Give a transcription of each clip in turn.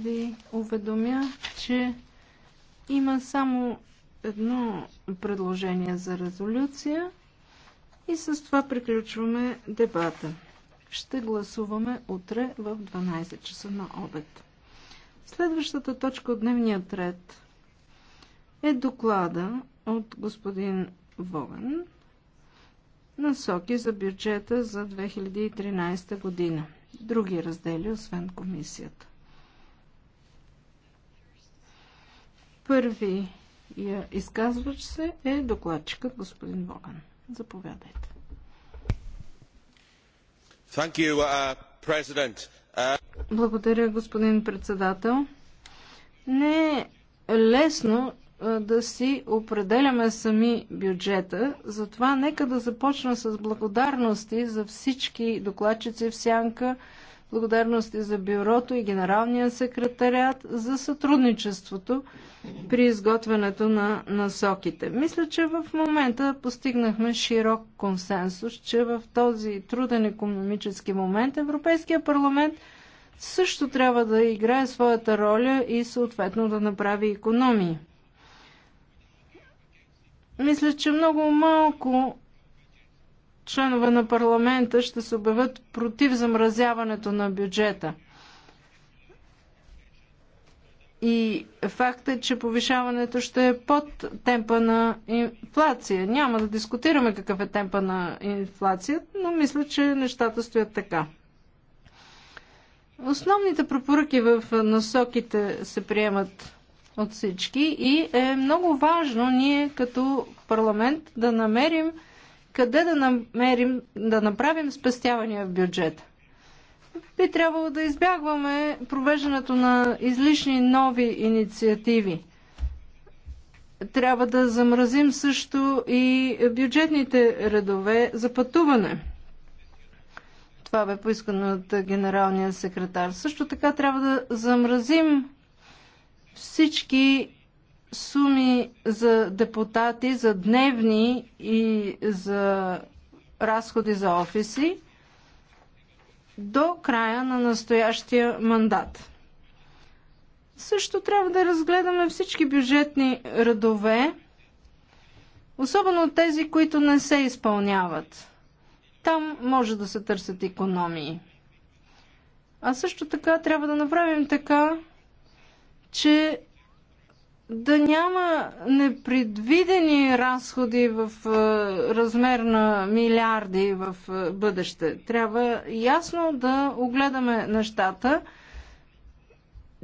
ви уведомя, че има само едно предложение за резолюция и с това приключваме дебата. Ще гласуваме утре в 12 часа на обед. Следващата точка от дневния ред е доклада от господин на насоки за бюджета за 2013 година. Други раздели, освен комисията. Първи я изказвач се е докладчикът господин Боган. Заповядайте. You, uh, uh... Благодаря, господин председател. Не е лесно да си определяме сами бюджета. Затова нека да започна с благодарности за всички докладчици в Сянка, Благодарности за бюрото и генералния секретарят за сътрудничеството при изготвянето на насоките. Мисля, че в момента постигнахме широк консенсус, че в този труден економически момент Европейския парламент също трябва да играе своята роля и съответно да направи економии. Мисля, че много малко членове на парламента ще се обявят против замразяването на бюджета. И факт е, че повишаването ще е под темпа на инфлация. Няма да дискутираме какъв е темпа на инфлация, но мисля, че нещата стоят така. Основните препоръки в насоките се приемат от всички и е много важно ние като парламент да намерим къде да намерим, да направим спестявания в бюджета. Би трябвало да избягваме провеждането на излишни нови инициативи. Трябва да замразим също и бюджетните редове за пътуване. Това бе поискано от генералния секретар. Също така трябва да замразим всички суми за депутати, за дневни и за разходи за офиси до края на настоящия мандат. Също трябва да разгледаме всички бюджетни редове, особено тези, които не се изпълняват. Там може да се търсят економии. А също така трябва да направим така, че да няма непредвидени разходи в е, размер на милиарди в е, бъдеще. Трябва ясно да огледаме нещата,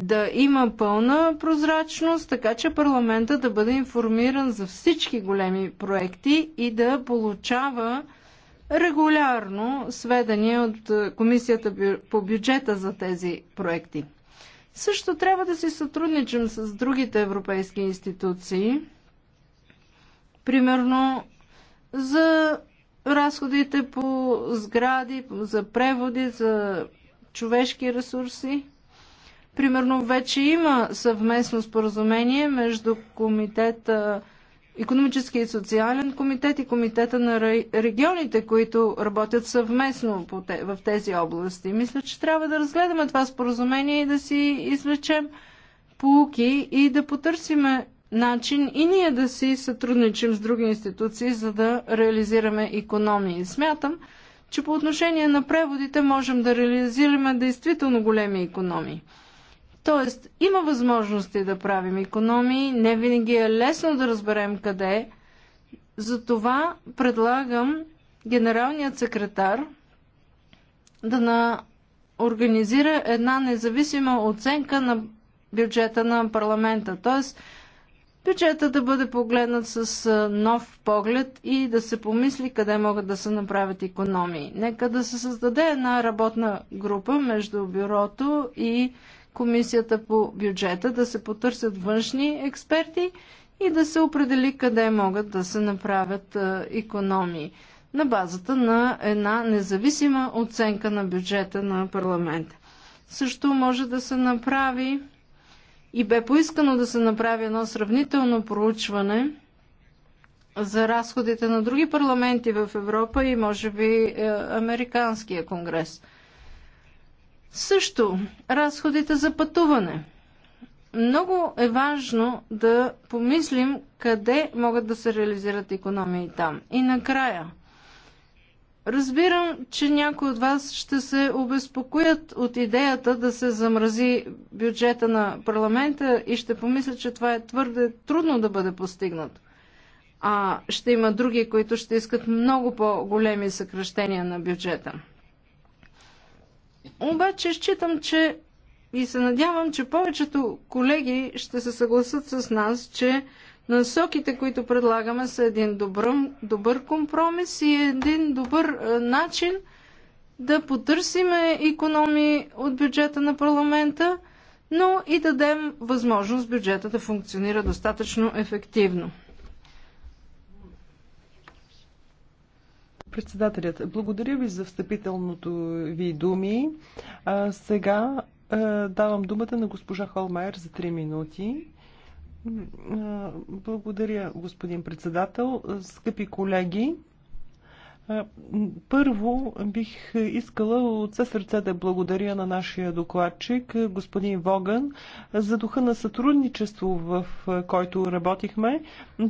да има пълна прозрачност, така че парламента да бъде информиран за всички големи проекти и да получава регулярно сведения от е, Комисията по бюджета за тези проекти. Също трябва да си сътрудничим с другите европейски институции, примерно за разходите по сгради, за преводи, за човешки ресурси. Примерно вече има съвместно споразумение между комитета економически и социален комитет и комитета на регионите, които работят съвместно в тези области. Мисля, че трябва да разгледаме това споразумение и да си извлечем полуки и да потърсиме начин и ние да си сътрудничим с други институции, за да реализираме економии. Смятам, че по отношение на преводите можем да реализираме действително големи економии. Тоест, има възможности да правим економии, не винаги е лесно да разберем къде. Затова предлагам генералният секретар да на организира една независима оценка на бюджета на парламента. Тоест, бюджета да бъде погледнат с нов поглед и да се помисли къде могат да се направят економии. Нека да се създаде една работна група между бюрото и Комисията по бюджета, да се потърсят външни експерти и да се определи къде могат да се направят економии на базата на една независима оценка на бюджета на парламента. Също може да се направи и бе поискано да се направи едно сравнително проучване за разходите на други парламенти в Европа и може би е, Американския конгрес – също разходите за пътуване. Много е важно да помислим къде могат да се реализират економии там. И накрая. Разбирам, че някои от вас ще се обезпокоят от идеята да се замрази бюджета на парламента и ще помислят, че това е твърде трудно да бъде постигнато. А ще има други, които ще искат много по-големи съкръщения на бюджета. Обаче считам, че и се надявам, че повечето колеги ще се съгласат с нас, че насоките, които предлагаме, са един добър, добър компромис и един добър е, начин да потърсиме економии от бюджета на парламента, но и дадем възможност бюджета да функционира достатъчно ефективно. Председателят, благодаря ви за встъпителното ви думи. А, сега а, давам думата на госпожа Холмайер за 3 минути. А, благодаря, господин председател. Скъпи колеги, първо бих искала от все сърце да благодаря на нашия докладчик, господин Воган, за духа на сътрудничество, в който работихме.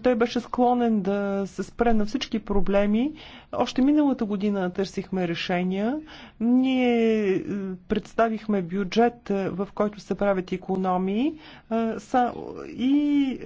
Той беше склонен да се спре на всички проблеми. Още миналата година търсихме решения. Ние представихме бюджет, в който се правят економии и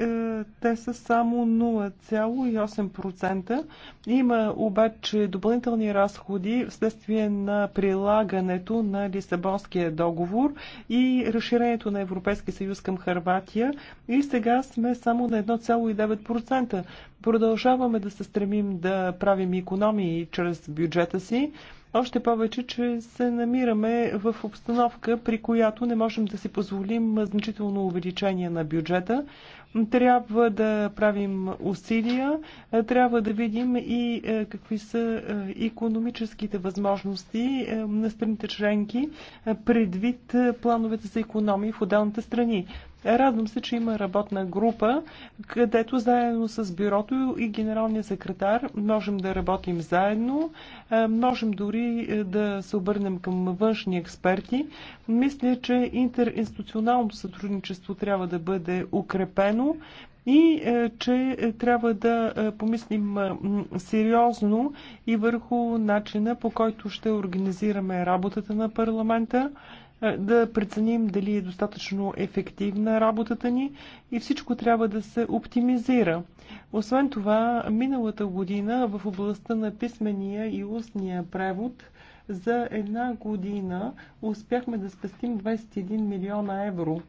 те са само 0,8%. Има обаче че допълнителни разходи вследствие на прилагането на Лисабонския договор и разширението на Европейския съюз към Харватия и сега сме само на 1,9%. Продължаваме да се стремим да правим економии чрез бюджета си. Още повече, че се намираме в обстановка, при която не можем да си позволим значително увеличение на бюджета. Трябва да правим усилия, трябва да видим и е, какви са економическите възможности е, на страните членки е, предвид плановете за економии в отделните страни. Радвам се, че има работна група, където заедно с бюрото и генералния секретар можем да работим заедно, е, можем дори е, да се обърнем към външни експерти. Мисля, че интеринституционалното сътрудничество трябва да бъде укрепено и е, че трябва да помислим сериозно и върху начина по който ще организираме работата на парламента е, да преценим дали е достатъчно ефективна работата ни и всичко трябва да се оптимизира. Освен това, миналата година в областта на писмения и устния превод за една година успяхме да спестим 21 милиона евро.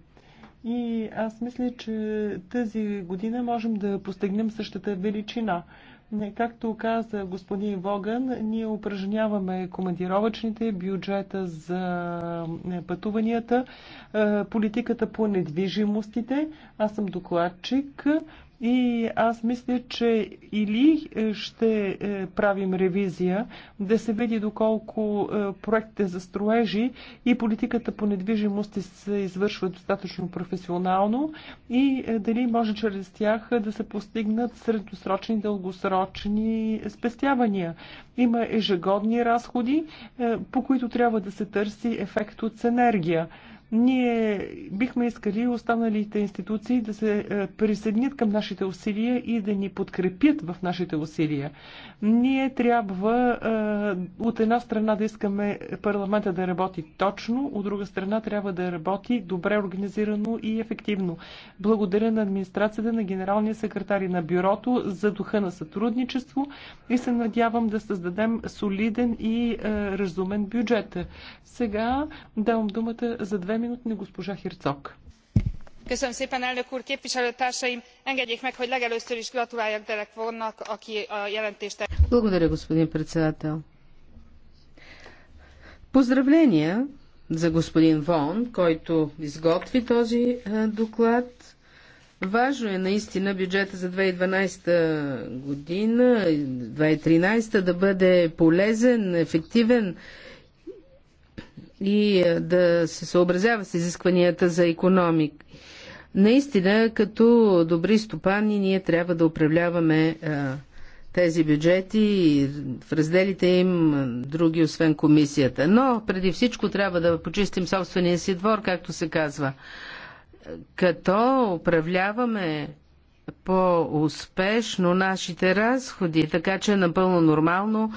И аз мисля, че тази година можем да постигнем същата величина. Както каза господин Воган, ние упражняваме командировачните, бюджета за е, пътуванията, е, политиката по недвижимостите. Аз съм докладчик. И аз мисля, че или е, ще е, правим ревизия, да се види доколко е, проектите за строежи и политиката по недвижимост се извършва достатъчно професионално и дали може чрез тях да се постигнат средносрочни, дългосрочни спестявания. Има ежегодни разходи, по които трябва да се търси ефект от синергия. Ние бихме искали останалите институции да се е, присъединят към нашите усилия и да ни подкрепят в нашите усилия. Ние трябва е, от една страна да искаме парламента да работи точно, от друга страна трябва да работи добре организирано и ефективно. Благодаря на администрацията на генералния секретар и на бюрото за духа на сътрудничество и се надявам да създадем солиден и е, разумен бюджет. Сега давам думата за две госпожа Köszönöm szépen, elnök úr, képviselőtársaim! Engedjék meg, hogy legelőször is gratuláljak Derek Vonnak, aki a jelentést... Благодаря, господин председател. Поздравления за господин Вон, който изготви този е, доклад. Важно е наистина бюджета за 2012 година, 2013 да бъде полезен, ефективен и е, да се съобразява с изискванията за економик. Наистина, като добри стопани, ние трябва да управляваме а, е, тези бюджети и в разделите им е, други, освен комисията. Но преди всичко трябва да почистим собствения си двор, както се казва. Като управляваме по-успешно нашите разходи, така че е напълно нормално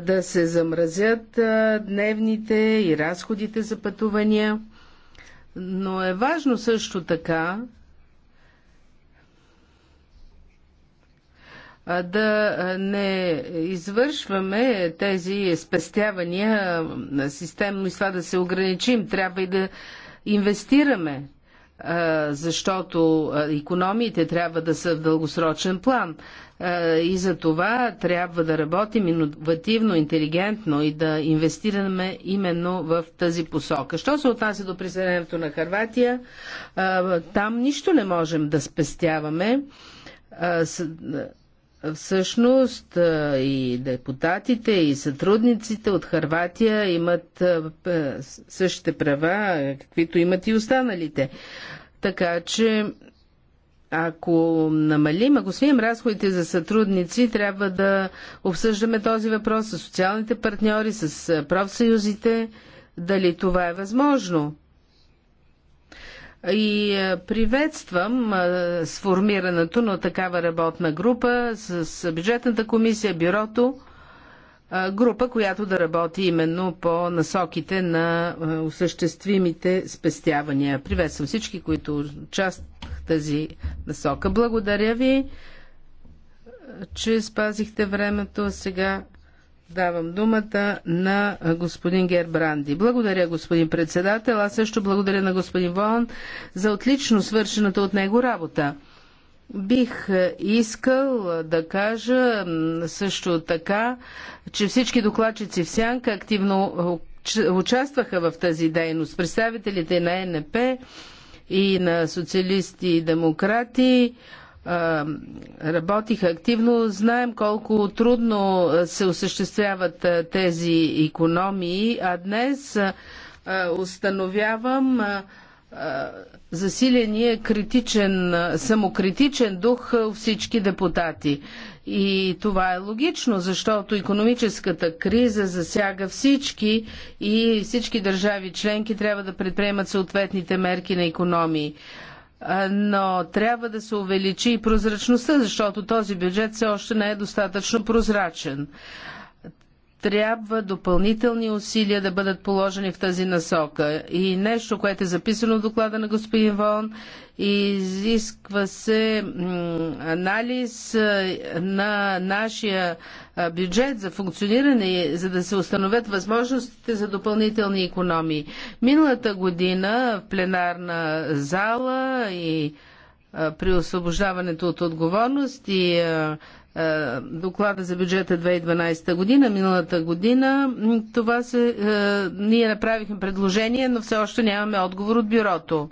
да се замразят дневните и разходите за пътувания. Но е важно също така да не извършваме тези спестявания системно и с това да се ограничим. Трябва и да инвестираме защото економиите трябва да са в дългосрочен план. И за това трябва да работим иновативно, интелигентно и да инвестираме именно в тази посока. Що се отнася до присъединението на Харватия, там нищо не можем да спестяваме Всъщност и депутатите, и сътрудниците от Харватия имат същите права, каквито имат и останалите. Така че, ако намалим, ако свием разходите за сътрудници, трябва да обсъждаме този въпрос с социалните партньори, с профсъюзите, дали това е възможно. И е, приветствам е, сформирането на такава работна група с бюджетната комисия, бюрото, е, група, която да работи именно по насоките на осъществимите спестявания. Приветствам всички, които част в тази насока. Благодаря ви, че спазихте времето. Сега Давам думата на господин Гербранди. Благодаря, господин председател. Аз също благодаря на господин Волан за отлично свършената от него работа. Бих искал да кажа също така, че всички докладчици в Сянка активно участваха в тази дейност. Представителите на НП и на социалисти и демократи работиха активно. Знаем колко трудно се осъществяват тези економии, а днес установявам засиления критичен, самокритичен дух у всички депутати. И това е логично, защото економическата криза засяга всички и всички държави членки трябва да предприемат съответните мерки на економии но трябва да се увеличи и прозрачността, защото този бюджет все още не е достатъчно прозрачен трябва допълнителни усилия да бъдат положени в тази насока. И нещо, което е записано в доклада на господин Вон, изисква се анализ на нашия бюджет за функциониране, за да се установят възможностите за допълнителни економии. Миналата година в пленарна зала и при освобождаването от отговорност и е, доклада за бюджета 2012 година, миналата година, това се, е, ние направихме предложение, но все още нямаме отговор от бюрото.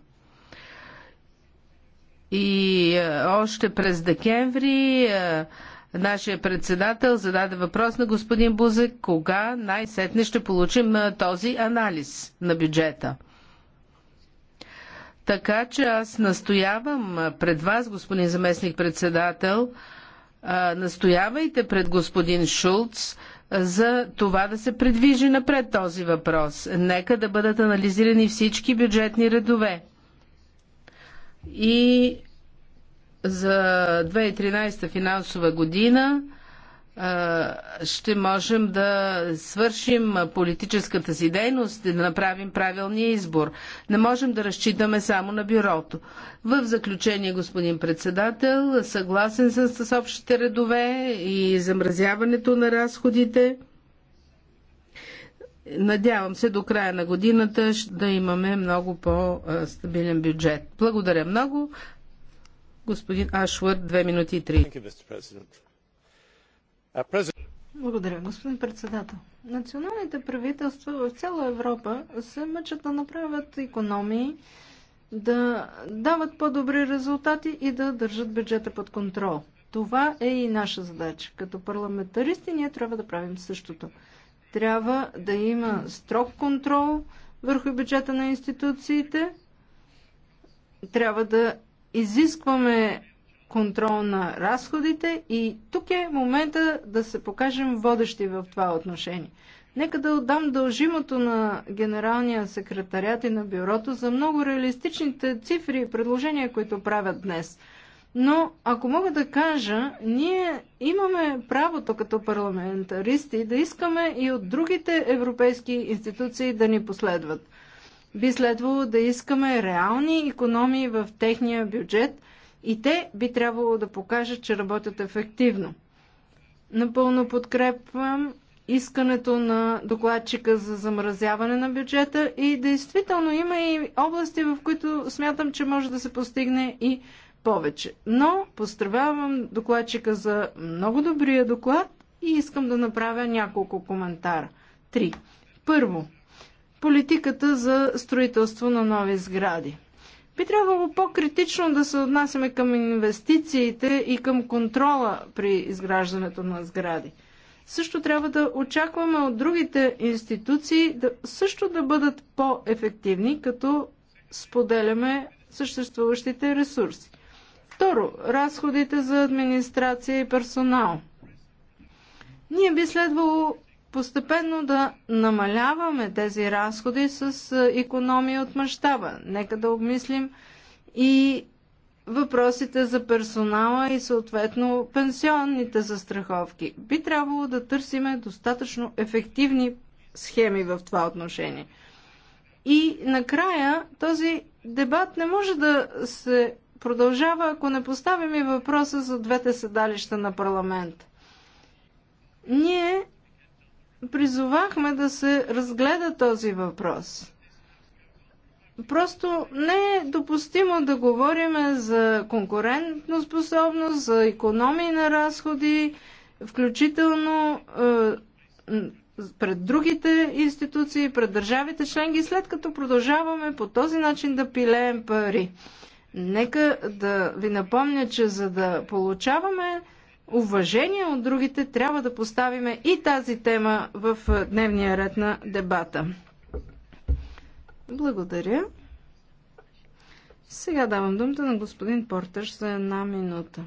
И е, още през декември нашия председател зададе въпрос на господин Бузек, кога най-сетне ще получим този анализ на бюджета. Така че аз настоявам пред вас, господин заместник председател, настоявайте пред господин Шулц за това да се предвижи напред този въпрос. Нека да бъдат анализирани всички бюджетни редове. И за 2013 финансова година ще можем да свършим политическата си дейност и да направим правилния избор. Не можем да разчитаме само на бюрото. В заключение, господин председател, съгласен съм с общите редове и замразяването на разходите. Надявам се до края на годината да имаме много по-стабилен бюджет. Благодаря много. Господин Ашвард, 2 минути и 3. Благодаря, господин председател. Националните правителства в цяла Европа се мъчат да направят економии, да дават по-добри резултати и да държат бюджета под контрол. Това е и наша задача. Като парламентаристи ние трябва да правим същото. Трябва да има строг контрол върху бюджета на институциите. Трябва да изискваме контрол на разходите и тук е момента да се покажем водещи в това отношение. Нека да отдам дължимото на генералния секретарят и на бюрото за много реалистичните цифри и предложения, които правят днес. Но, ако мога да кажа, ние имаме правото като парламентаристи да искаме и от другите европейски институции да ни последват. Би следвало да искаме реални економии в техния бюджет – и те би трябвало да покажат, че работят ефективно. Напълно подкрепвам искането на докладчика за замразяване на бюджета и действително има и области, в които смятам, че може да се постигне и повече. Но поздравявам докладчика за много добрия доклад и искам да направя няколко коментара. Три. Първо, политиката за строителство на нови сгради. Би трябвало по-критично да се отнасяме към инвестициите и към контрола при изграждането на сгради. Също трябва да очакваме от другите институции да, също да бъдат по-ефективни, като споделяме съществуващите ресурси. Второ, разходите за администрация и персонал. Ние би следвало постепенно да намаляваме тези разходи с економия от мащаба. Нека да обмислим и въпросите за персонала и съответно пенсионните застраховки. Би трябвало да търсиме достатъчно ефективни схеми в това отношение. И накрая този дебат не може да се продължава, ако не поставим и въпроса за двете седалища на парламент. Ние призовахме да се разгледа този въпрос. Просто не е допустимо да говорим за конкурентно способност, за економии на разходи, включително е, пред другите институции, пред държавите членки, след като продължаваме по този начин да пилеем пари. Нека да ви напомня, че за да получаваме уважение от другите, трябва да поставиме и тази тема в дневния ред на дебата. Благодаря. Сега давам думата на господин Портъж за една минута.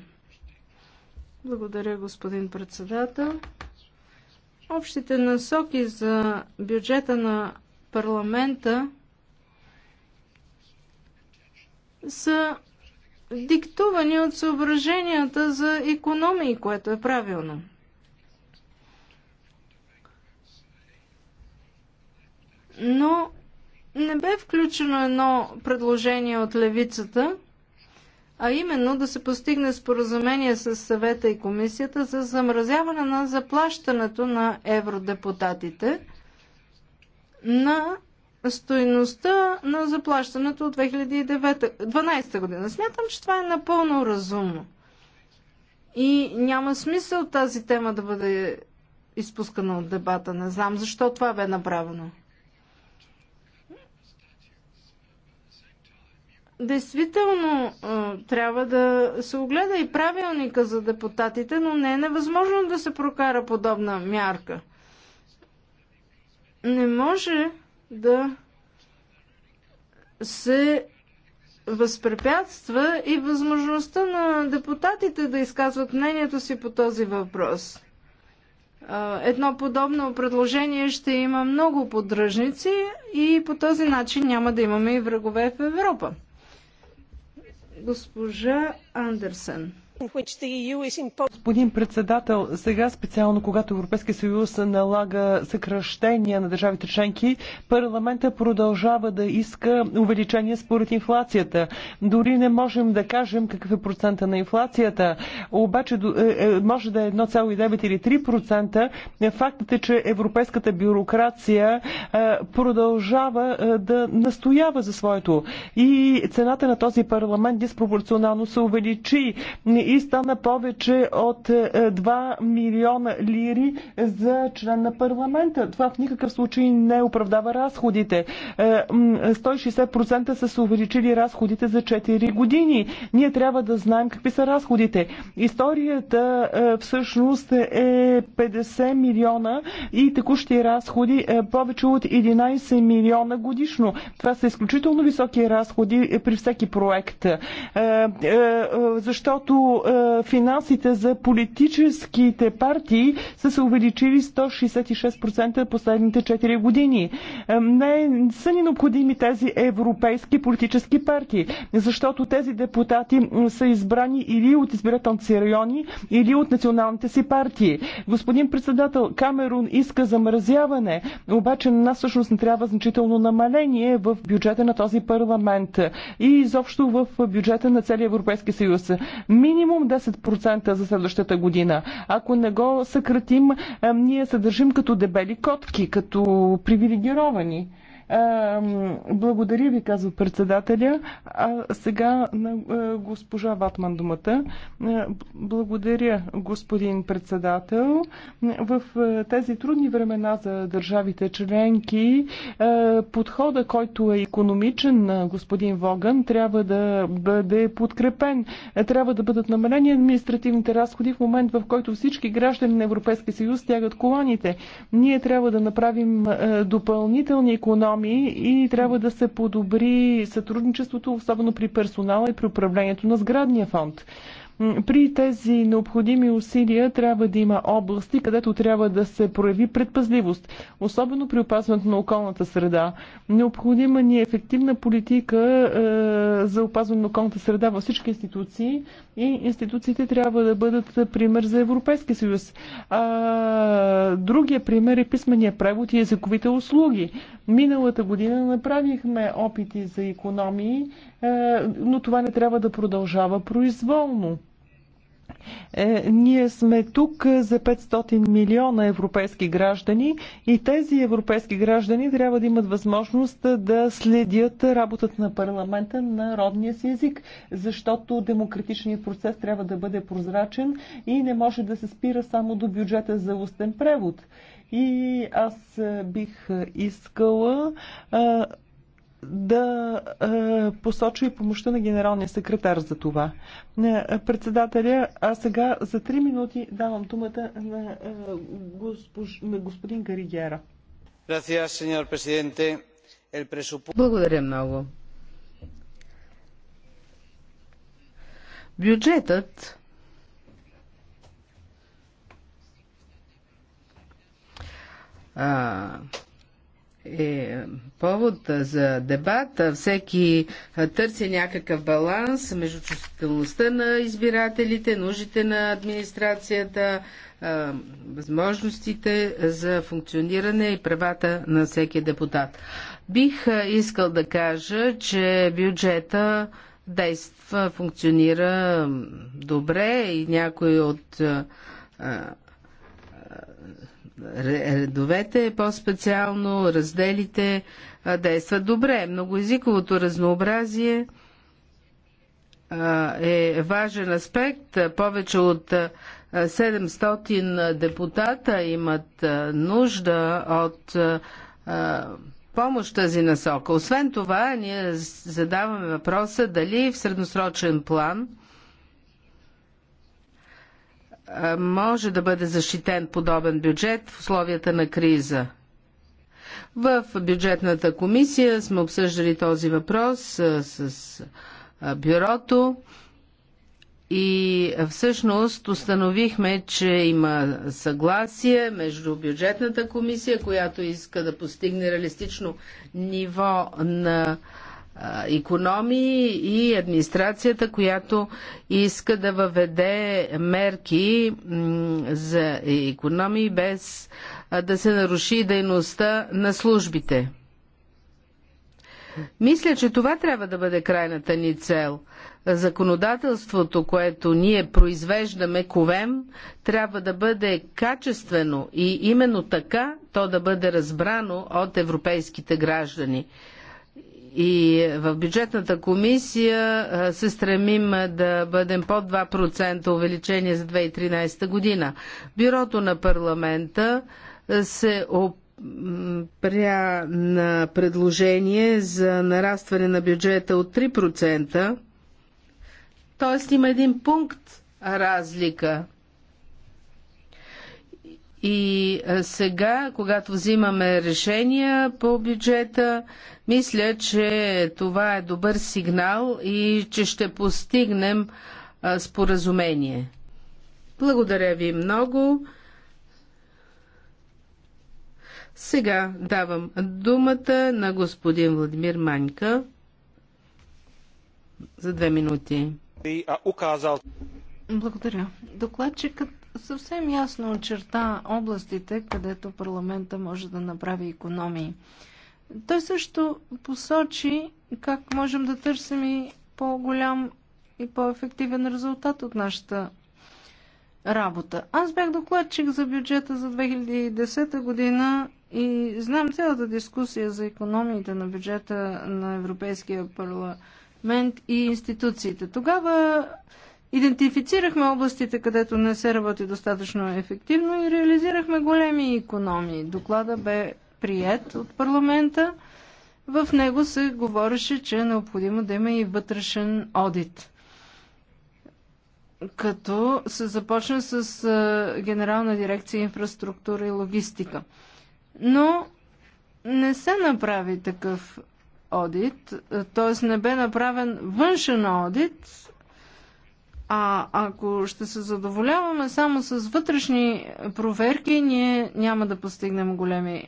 Благодаря, господин председател. Общите насоки за бюджета на парламента са диктувани от съображенията за економии, което е правилно. Но не бе включено едно предложение от левицата, а именно да се постигне споразумение с съвета и комисията за замразяване на заплащането на евродепутатите на стоеността на заплащането от 2012 година. Смятам, че това е напълно разумно. И няма смисъл тази тема да бъде изпускана от дебата. Не знам защо това бе направено. Действително трябва да се огледа и правилника за депутатите, но не е невъзможно да се прокара подобна мярка. Не може да се възпрепятства и възможността на депутатите да изказват мнението си по този въпрос. Едно подобно предложение ще има много поддръжници и по този начин няма да имаме и врагове в Европа. Госпожа Андерсен. E Господин председател, сега специално когато Европейския съюз налага съкръщения на държавите членки, парламента продължава да иска увеличение според инфлацията. Дори не можем да кажем какъв е процента на инфлацията, обаче е, е, може да е 1,9 или 3%. Фактът е, че европейската бюрокрация е, продължава да настоява за своето. И цената на този парламент диспропорционално се увеличи и стана повече от 2 е, милиона лири за член на парламента. Това в никакъв случай не оправдава разходите. 160% е, са се увеличили разходите за 4 години. Ние трябва да знаем какви са разходите. Историята е, всъщност е 50 милиона и текущи разходи повече от 11 милиона годишно. Това са изключително високи разходи при всеки проект. Защото е, финансите за политическите партии са се увеличили 166% последните 4 години. Е, не са ни необходими тези европейски политически партии, защото тези депутати са избрани или от избирателните си райони, или от националните си партии. Господин председател, Камерун иска замразяване, обаче на нас всъщност не трябва значително намаление в бюджета на този парламент и изобщо в бюджета на целия Европейски съюз. Минимум минимум 10% за следващата година. Ако не го съкратим, ние се държим като дебели котки, като привилегировани. Благодаря ви, казва председателя. А сега на госпожа Ватман думата. Благодаря, господин председател. В тези трудни времена за държавите членки, подхода, който е економичен на господин Воган, трябва да бъде подкрепен. Трябва да бъдат намалени административните разходи в момент, в който всички граждани на Европейския съюз стягат коланите. Ние трябва да направим допълнителни економи економии и трябва да се подобри сътрудничеството, особено при персонала и при управлението на сградния фонд. При тези необходими усилия трябва да има области, където трябва да се прояви предпазливост, особено при опазването на околната среда. Необходима ни е ефективна политика е, за опазване на околната среда във всички институции и институциите трябва да бъдат пример за Европейски съюз. А, другия пример е писмения превод и езиковите услуги. Миналата година направихме опити за економии, е, но това не трябва да продължава произволно. Е, ние сме тук за 500 милиона европейски граждани и тези европейски граждани трябва да имат възможност да следят работата на парламента на родния си език, защото демократичният процес трябва да бъде прозрачен и не може да се спира само до бюджета за устен превод. И аз е, бих е, искала е, да посоча и помощта на генералния секретар за това. председателя, а сега за три минути давам думата на, госпож, на господин Каригера. Благодаря много. Бюджетът е повод за дебат. Всеки търси някакъв баланс между чувствителността на избирателите, нуждите на администрацията, възможностите за функциониране и правата на всеки депутат. Бих искал да кажа, че бюджета действа, функционира добре и някои от редовете, по-специално разделите, действат добре. Многоязиковото разнообразие е важен аспект. Повече от 700 депутата имат нужда от помощ тази насока. Освен това, ние задаваме въпроса дали в средносрочен план – може да бъде защитен подобен бюджет в условията на криза. В бюджетната комисия сме обсъждали този въпрос с бюрото и всъщност установихме, че има съгласие между бюджетната комисия, която иска да постигне реалистично ниво на економии и администрацията, която иска да въведе мерки за економии без да се наруши дейността на службите. Мисля, че това трябва да бъде крайната ни цел. Законодателството, което ние произвеждаме, ковем, трябва да бъде качествено и именно така то да бъде разбрано от европейските граждани. И в бюджетната комисия се стремим да бъдем под 2% увеличение за 2013 година. Бюрото на парламента се опря на предложение за нарастване на бюджета от 3%. Тоест има един пункт разлика и е, сега, когато взимаме решения по бюджета, мисля, че това е добър сигнал и че ще постигнем е, споразумение. Благодаря ви много. Сега давам думата на господин Владимир Манька за две минути. Благодаря. Докладчикът съвсем ясно очерта областите, където парламента може да направи економии. Той също посочи как можем да търсим и по-голям и по-ефективен резултат от нашата работа. Аз бях докладчик за бюджета за 2010 година и знам цялата дискусия за економиите на бюджета на Европейския парламент и институциите. Тогава Идентифицирахме областите, където не се работи достатъчно ефективно и реализирахме големи економии. Доклада бе прият от парламента. В него се говореше, че е необходимо да има и вътрешен одит. Като се започна с Генерална дирекция инфраструктура и логистика. Но не се направи такъв одит, т.е. не бе направен външен одит а ако ще се задоволяваме само с вътрешни проверки, ние няма да постигнем големи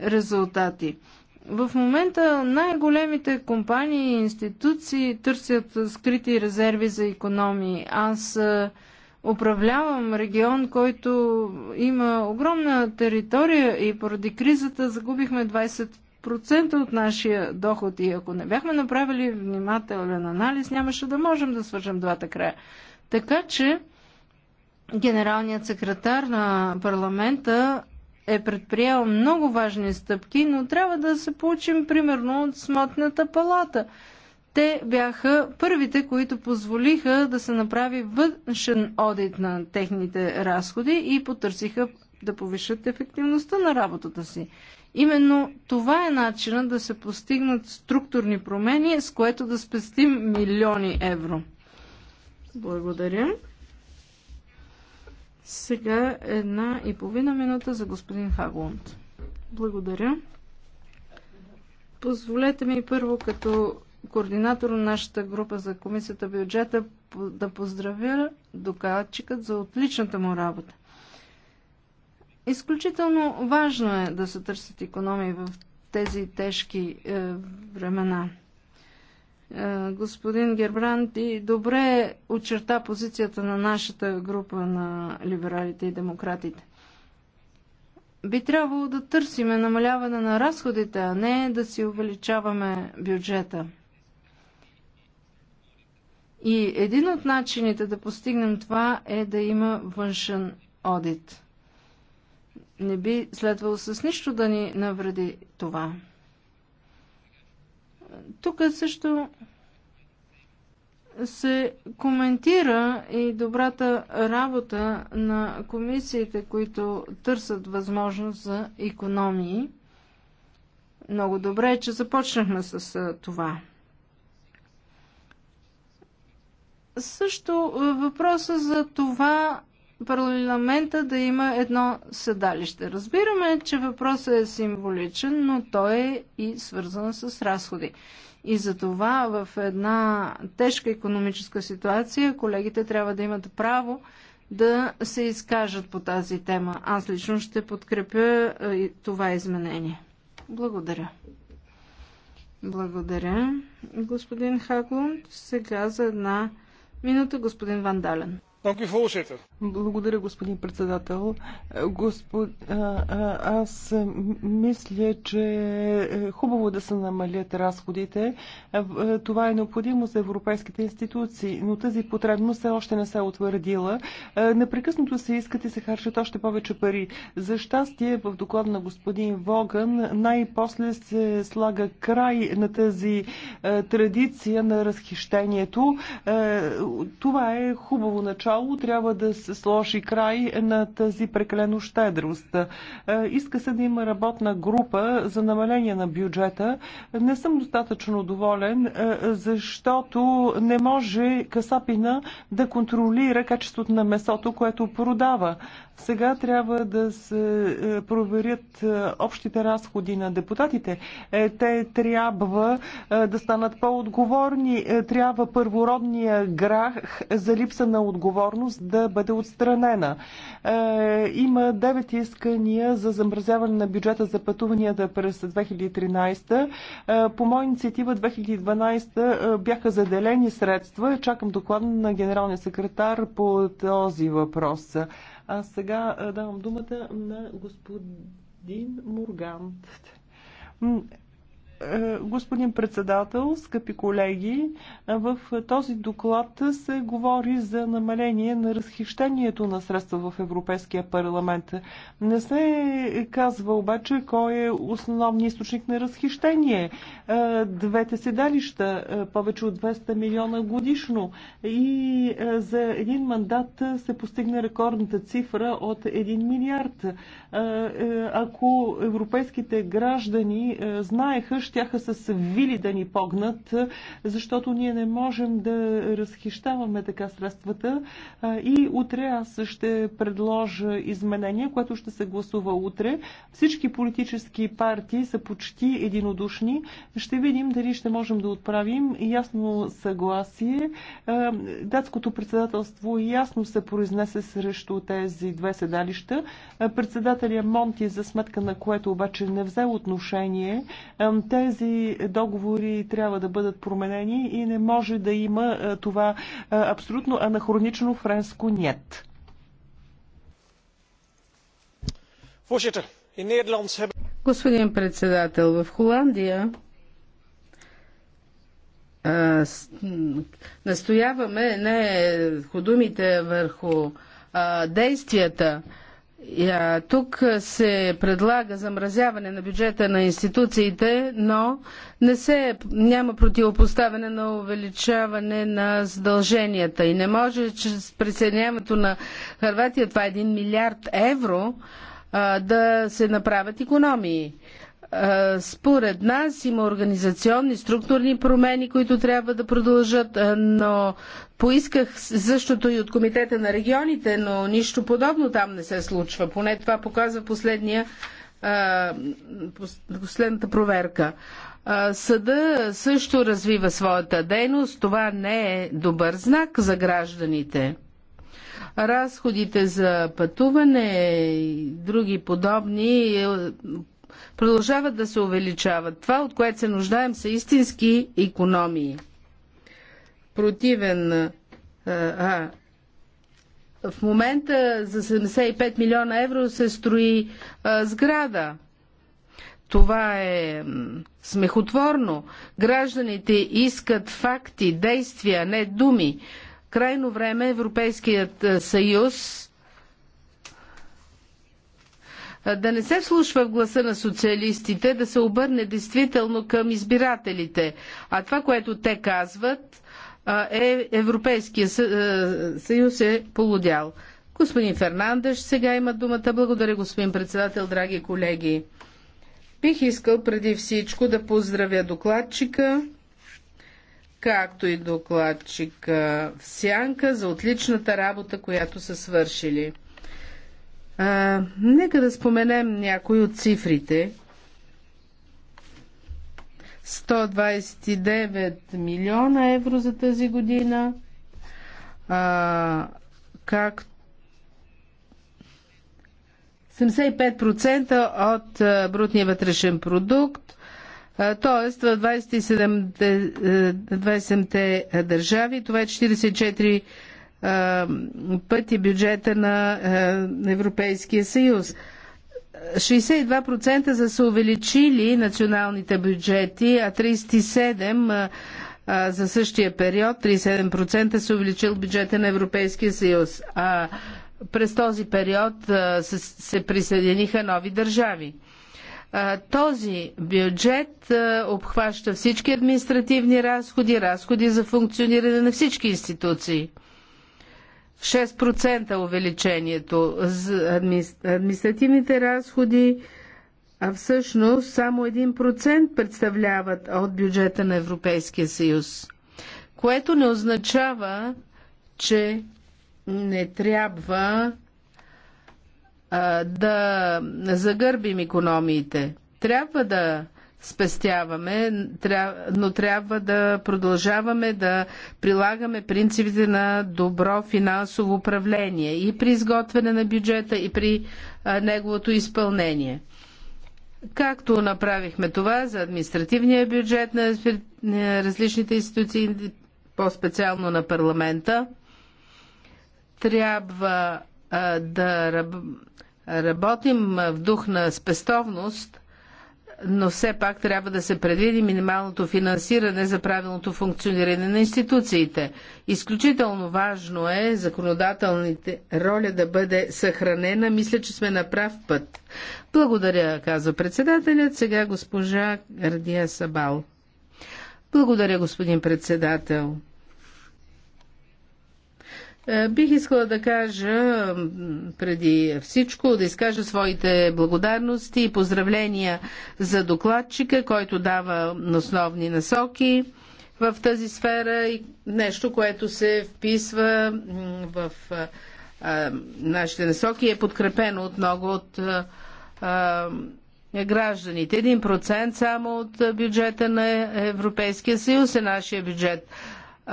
резултати. В момента най-големите компании и институции търсят скрити резерви за економии. Аз управлявам регион, който има огромна територия и поради кризата загубихме 20 процента от нашия доход и ако не бяхме направили внимателен анализ, нямаше да можем да свържем двата края. Така че генералният секретар на парламента е предприел много важни стъпки, но трябва да се получим примерно от смотната палата. Те бяха първите, които позволиха да се направи външен одит на техните разходи и потърсиха да повишат ефективността на работата си. Именно това е начинът да се постигнат структурни промени, с което да спестим милиони евро. Благодаря. Сега една и половина минута за господин Хаглунд. Благодаря. Позволете ми първо като координатор на нашата група за комисията бюджета да поздравя докладчикът за отличната му работа. Изключително важно е да се търсят економии в тези тежки е, времена. Е, господин Гербранти добре очерта позицията на нашата група на либералите и демократите. Би трябвало да търсиме намаляване на разходите, а не да си увеличаваме бюджета. И един от начините да постигнем това е да има външен одит не би следвало с нищо да ни навреди това. Тук също се коментира и добрата работа на комисиите, които търсят възможност за економии. Много добре е, че започнахме с това. Също въпроса за това парламента да има едно седалище. Разбираме, че въпросът е символичен, но той е и свързан с разходи. И за това в една тежка економическа ситуация колегите трябва да имат право да се изкажат по тази тема. Аз лично ще подкрепя е, това изменение. Благодаря. Благодаря, господин Хаглунд. Сега за една минута господин Вандален. Dank u voorzitter. Благодаря, господин председател. Господ... Аз мисля, че хубаво е да се намалят разходите. Това е необходимо за европейските институции, но тази потребност все още не се е утвърдила. Непрекъснато се искат и се харчат още повече пари. За щастие, в доклад на господин Воган най-после се слага край на тази традиция на разхищението. Това е хубаво начало. Трябва да се се сложи край на тази прекалено щедрост. Е, иска се да има работна група за намаление на бюджета. Не съм достатъчно доволен, е, защото не може Касапина да контролира качеството на месото, което продава. Сега трябва да се е, проверят е, общите разходи на депутатите. Е, те трябва да станат по-отговорни. Трябва първородния грах за липса на отговорност да бъде отстранена. Има 9 искания за замразяване на бюджета за пътуванията през 2013. По моя инициатива 2012 бяха заделени средства. Чакам докладно на генералния секретар по този въпрос. А сега е, давам думата на господин Мургант. Е, господин председател, скъпи колеги, е, в този доклад се говори за намаление на разхищението на средства в Европейския парламент. Не се казва обаче кой е основният източник на разхищение. Е, двете седалища, повече от 200 милиона годишно и за един мандат се постигне рекордната цифра от 1 милиард. Ако европейските граждани знаеха, щяха с вили да ни погнат, защото ние не можем да разхищаваме така средствата. И утре аз ще предложа изменение, което ще се гласува утре. Всички политически партии са почти единодушни. Ще видим дали ще можем да отправим ясно съгласие. Датското председателство ясно се произнесе срещу тези две седалища. Председателя Монти, за сметка на което обаче не взе отношение, те тези договори трябва да бъдат променени и не може да има е, това е, абсолютно анахронично френско нет. Господин председател, в Холандия а, е, настояваме не ходумите върху а, действията. Е, тук се предлага замразяване на бюджета на институциите, но не се, няма противопоставяне на увеличаване на задълженията. И не може чрез присъединяването на Харватия, това е 1 милиард евро, да се направят економии. Според нас има организационни, структурни промени, които трябва да продължат, но поисках същото и от Комитета на регионите, но нищо подобно там не се случва. Поне това показва последния, последната проверка. Съда също развива своята дейност. Това не е добър знак за гражданите. Разходите за пътуване и други подобни е, продължават да се увеличават. Това, от което се нуждаем, са истински економии. Противен. А, а, в момента за 75 милиона евро се строи а, сграда. Това е смехотворно. Гражданите искат факти, действия, не думи. Крайно време Европейският съюз да не се вслушва в гласа на социалистите, да се обърне действително към избирателите. А това, което те казват, е Европейския съюз е полудял. Господин Фернандеш сега има думата. Благодаря, господин председател, драги колеги. Бих искал преди всичко да поздравя докладчика, както и докладчика в Сянка за отличната работа, която са свършили. А, нека да споменем някои от цифрите. 129 милиона евро за тази година. А, как 75% от брутния вътрешен продукт, т.е. в 27-те държави това е 44 е, пъти бюджета на е, Европейския съюз. 62% са се увеличили националните бюджети, а 37% е, за същия период, 37% се увеличил бюджета на Европейския съюз. А през този период се присъединиха нови държави. Този бюджет обхваща всички административни разходи, разходи за функциониране на всички институции – 6% увеличението за административните разходи, а всъщност само 1% представляват от бюджета на Европейския съюз, което не означава, че не трябва а, да загърбим економиите. Трябва да спестяваме, но трябва да продължаваме да прилагаме принципите на добро финансово управление и при изготвяне на бюджета, и при неговото изпълнение. Както направихме това за административния бюджет на е, различните институции, по-специално на парламента, трябва да работим в дух на спестовност но все пак трябва да се предвиди минималното финансиране за правилното функциониране на институциите. Изключително важно е законодателните роля да бъде съхранена. Мисля, че сме на прав път. Благодаря, казва председателят. Сега госпожа Гардия Сабал. Благодаря, господин председател. Е, бих искала да кажа преди всичко, да изкажа своите благодарности и поздравления за докладчика, който дава основни насоки в тази сфера и нещо, което се вписва в нашите насоки е подкрепено от много от гражданите. Един процент само от бюджета на Европейския съюз е нашия бюджет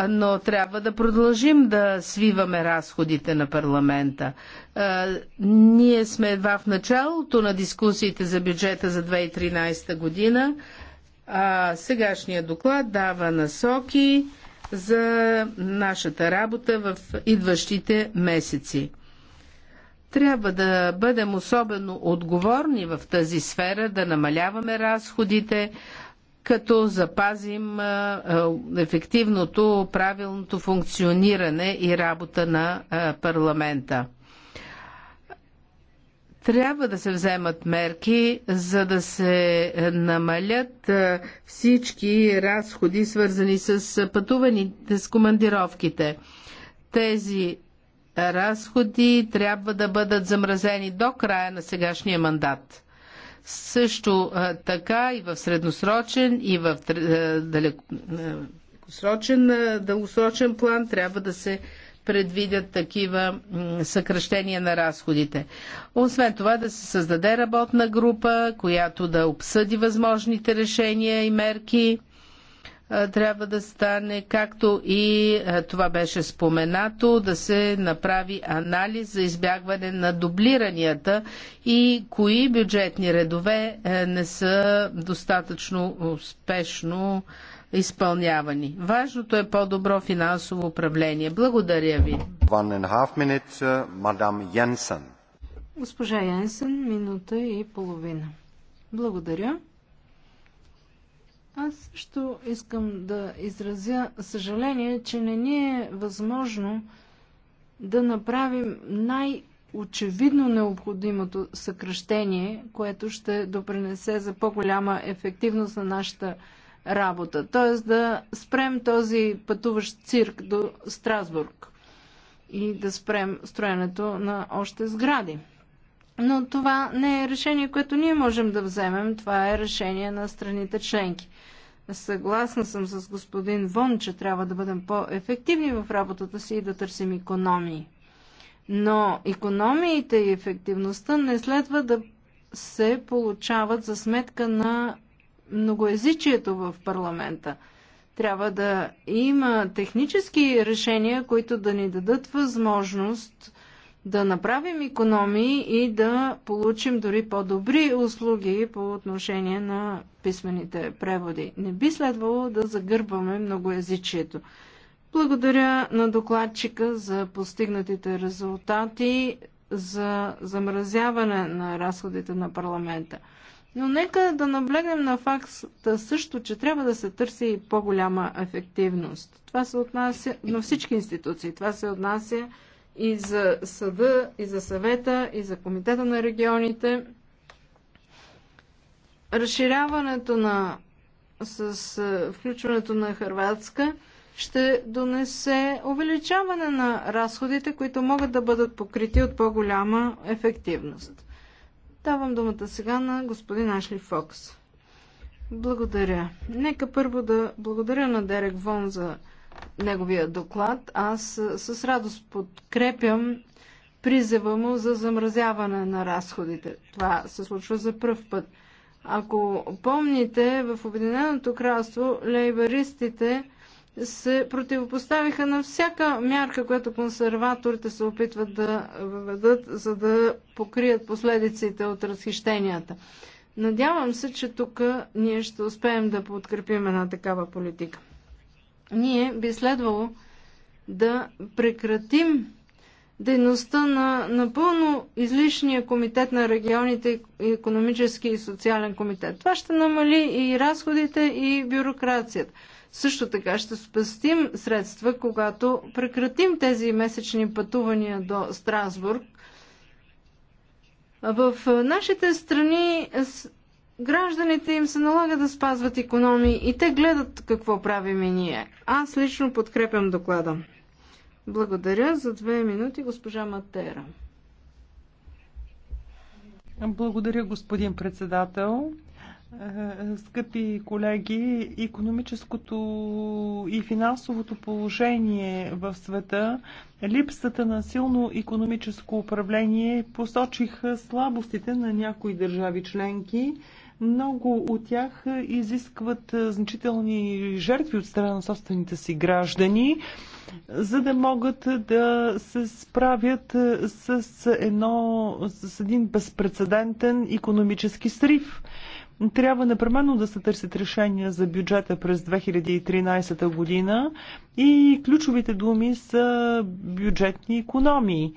но трябва да продължим да свиваме разходите на парламента. Ние сме едва в началото на дискусиите за бюджета за 2013 година. А сегашният доклад дава насоки за нашата работа в идващите месеци. Трябва да бъдем особено отговорни в тази сфера, да намаляваме разходите, като запазим ефективното, правилното функциониране и работа на парламента. Трябва да се вземат мерки, за да се намалят всички разходи, свързани с пътуваните, с командировките. Тези разходи трябва да бъдат замразени до края на сегашния мандат. Също така и в средносрочен, и в далекосрочен, дългосрочен план трябва да се предвидят такива съкръщения на разходите. Освен това да се създаде работна група, която да обсъди възможните решения и мерки трябва да стане, както и това беше споменато, да се направи анализ за избягване на дублиранията и кои бюджетни редове е, не са достатъчно успешно изпълнявани. Важното е по-добро финансово управление. Благодаря ви. Uh, Госпожа Янсен, минута и половина. Благодаря. Аз също искам да изразя съжаление, че не ни е възможно да направим най-очевидно необходимото съкръщение, което ще допринесе за по-голяма ефективност на нашата работа. Тоест да спрем този пътуващ цирк до Страсбург и да спрем строенето на още сгради. Но това не е решение, което ние можем да вземем. Това е решение на страните членки. Съгласна съм с господин Вон, че трябва да бъдем по-ефективни в работата си и да търсим економии. Но економиите и ефективността не следва да се получават за сметка на многоязичието в парламента. Трябва да има технически решения, които да ни дадат възможност да направим економии и да получим дори по-добри услуги по отношение на писмените преводи. Не би следвало да загърбваме многоязичието. Благодаря на докладчика за постигнатите резултати за замразяване на разходите на парламента. Но нека да наблегнем на факта също, че трябва да се търси по-голяма ефективност. Това се отнася на всички институции. Това се отнася и за съда, и за съвета, и за комитета на регионите. Разширяването на с включването на Хрватска ще донесе увеличаване на разходите, които могат да бъдат покрити от по-голяма ефективност. Давам думата сега на господин Ашли Фокс. Благодаря. Нека първо да благодаря на Дерек Вон за неговия доклад. Аз с радост подкрепям призева му за замразяване на разходите. Това се случва за пръв път. Ако помните, в Обединеното кралство лейбаристите се противопоставиха на всяка мярка, която консерваторите се опитват да въведат, за да покрият последиците от разхищенията. Надявам се, че тук ние ще успеем да подкрепим една такава политика ние би следвало да прекратим дейността на напълно излишния комитет на регионите, економически и социален комитет. Това ще намали и разходите, и бюрокрацията. Също така ще спестим средства, когато прекратим тези месечни пътувания до Страсбург. В нашите страни гражданите им се налага да спазват економии и те гледат какво правим и ние. Аз лично подкрепям доклада. Благодаря за две минути, госпожа Матера. Благодаря, господин председател. Е, скъпи колеги, економическото и финансовото положение в света, липсата на силно економическо управление посочиха слабостите на някои държави членки много от тях изискват значителни жертви от страна на собствените си граждани, за да могат да се справят с, едно, с един безпредседентен економически срив. Трябва непременно да се търсят решения за бюджета през 2013 година и ключовите думи са бюджетни економии.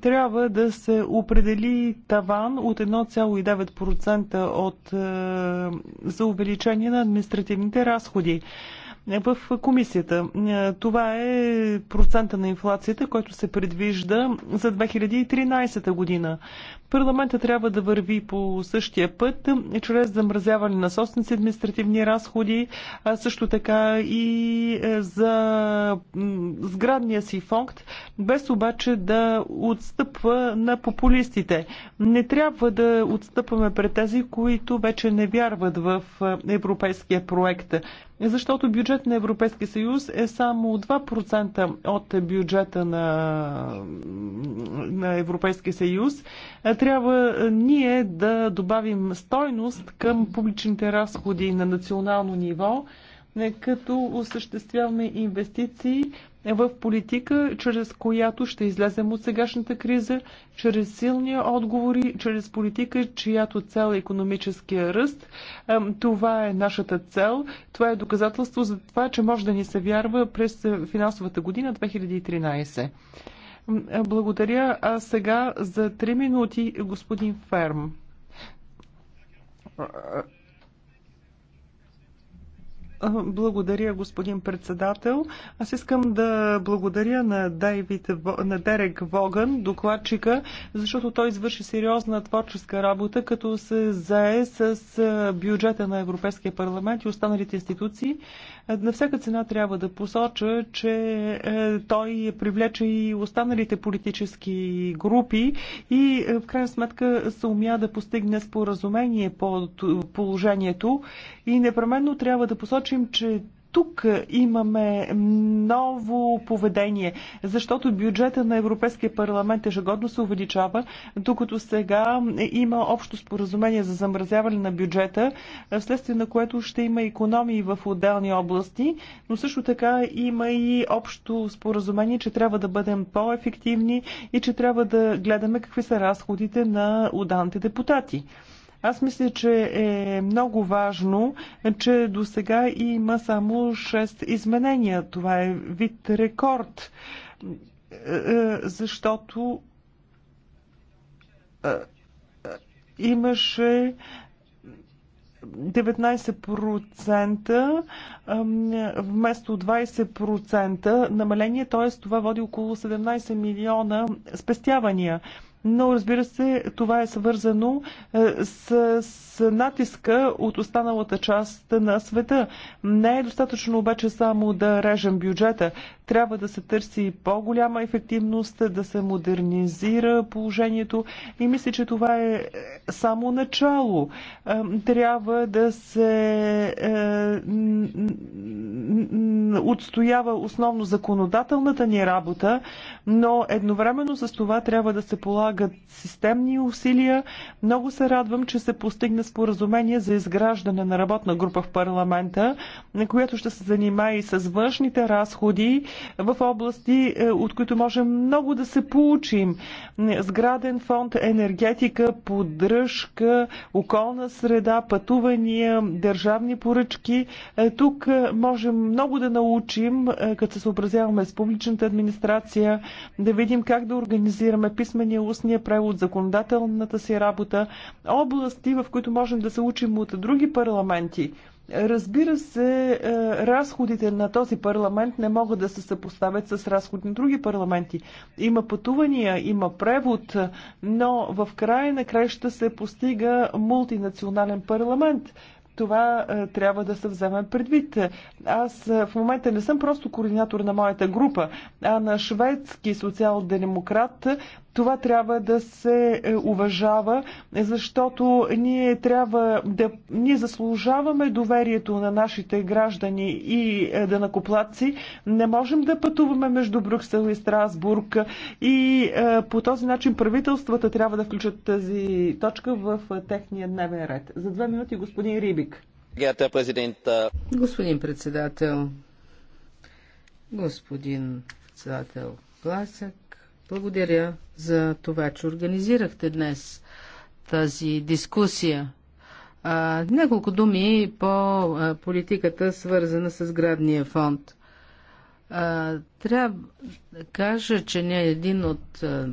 трябва да се определи таван от 1,9% от, е, за увеличение на административните разходи. В комисията е, това е процента на инфлацията, който се предвижда за 2013 година. Парламента трябва да върви по същия път, чрез замразяване на собственици административни разходи, а също така и е, за сградния си фонд, без обаче да отстъпва на популистите. Не трябва да отстъпваме пред тези, които вече не вярват в е, европейския проект защото бюджет на Европейския съюз е само 2% от бюджета на, на Европейския съюз трябва ние да добавим стойност към публичните разходи на национално ниво, е, като осъществяваме инвестиции е, в политика, чрез която ще излезем от сегашната криза, чрез силни отговори, чрез политика, чиято цел е економическия ръст. Това е нашата цел. Това е доказателство за това, че може да ни се вярва през финансовата година 2013. Благодаря. А сега за три минути господин Ферм. Благодаря, господин председател. Аз искам да благодаря на, Дайвид, на Дерек Воган, докладчика, защото той извърши сериозна творческа работа, като се зае с бюджета на Европейския парламент и останалите институции. На всяка цена трябва да посоча, че е, той привлече и останалите политически групи и е, в крайна сметка се умя да постигне споразумение по положението и непременно трябва да посочи решим, че тук имаме ново поведение, защото бюджета на Европейския парламент ежегодно се увеличава, докато сега има общо споразумение за замразяване на бюджета, вследствие на което ще има економии в отделни области, но също така има и общо споразумение, че трябва да бъдем по-ефективни и че трябва да гледаме какви са разходите на отделните депутати. Аз мисля, че е много важно, че до сега има само 6 изменения. Това е вид рекорд, е, е, защото е, имаше 19% вместо 20% намаление, т.е. това води около 17 милиона спестявания но разбира се, това е свързано е, с, с натиска от останалата част на света. Не е достатъчно обаче само да режем бюджета. Трябва да се търси по-голяма ефективност, да се модернизира положението и мисля, че това е, е само начало. Е, трябва да се е, отстоява основно законодателната ни работа, но едновременно с това трябва да се полагат системни усилия. Много се радвам, че се постигна споразумение за изграждане на работна група в парламента, на която ще се занимава и с външните разходи в области, е, от които можем много да се получим. Сграден фонд, енергетика, поддръжка, околна среда, пътувания, държавни поръчки. Е, тук е, можем много да научим, като се съобразяваме с публичната администрация, да видим как да организираме писмения, устния превод, законодателната си работа, области, в които можем да се учим от други парламенти. Разбира се, е, разходите на този парламент не могат да се съпоставят с разходи на други парламенти. Има пътувания, има превод, но в края на краща се постига мултинационален парламент. Това е, трябва да се вземе предвид. Аз е, в момента не съм просто координатор на моята група, а на шведски социал-демократ това трябва да се е, уважава, защото ние трябва да ние заслужаваме доверието на нашите граждани и е, да накоплаци. Не можем да пътуваме между Брюксел и Страсбург и е, по този начин правителствата трябва да включат тази точка в техния дневен ред. За две минути господин Рибик. Господин председател, господин председател Пласък, благодаря за това, че организирахте днес тази дискусия. А, няколко думи по а, политиката, свързана с градния фонд. А, трябва да кажа, че не е един от а,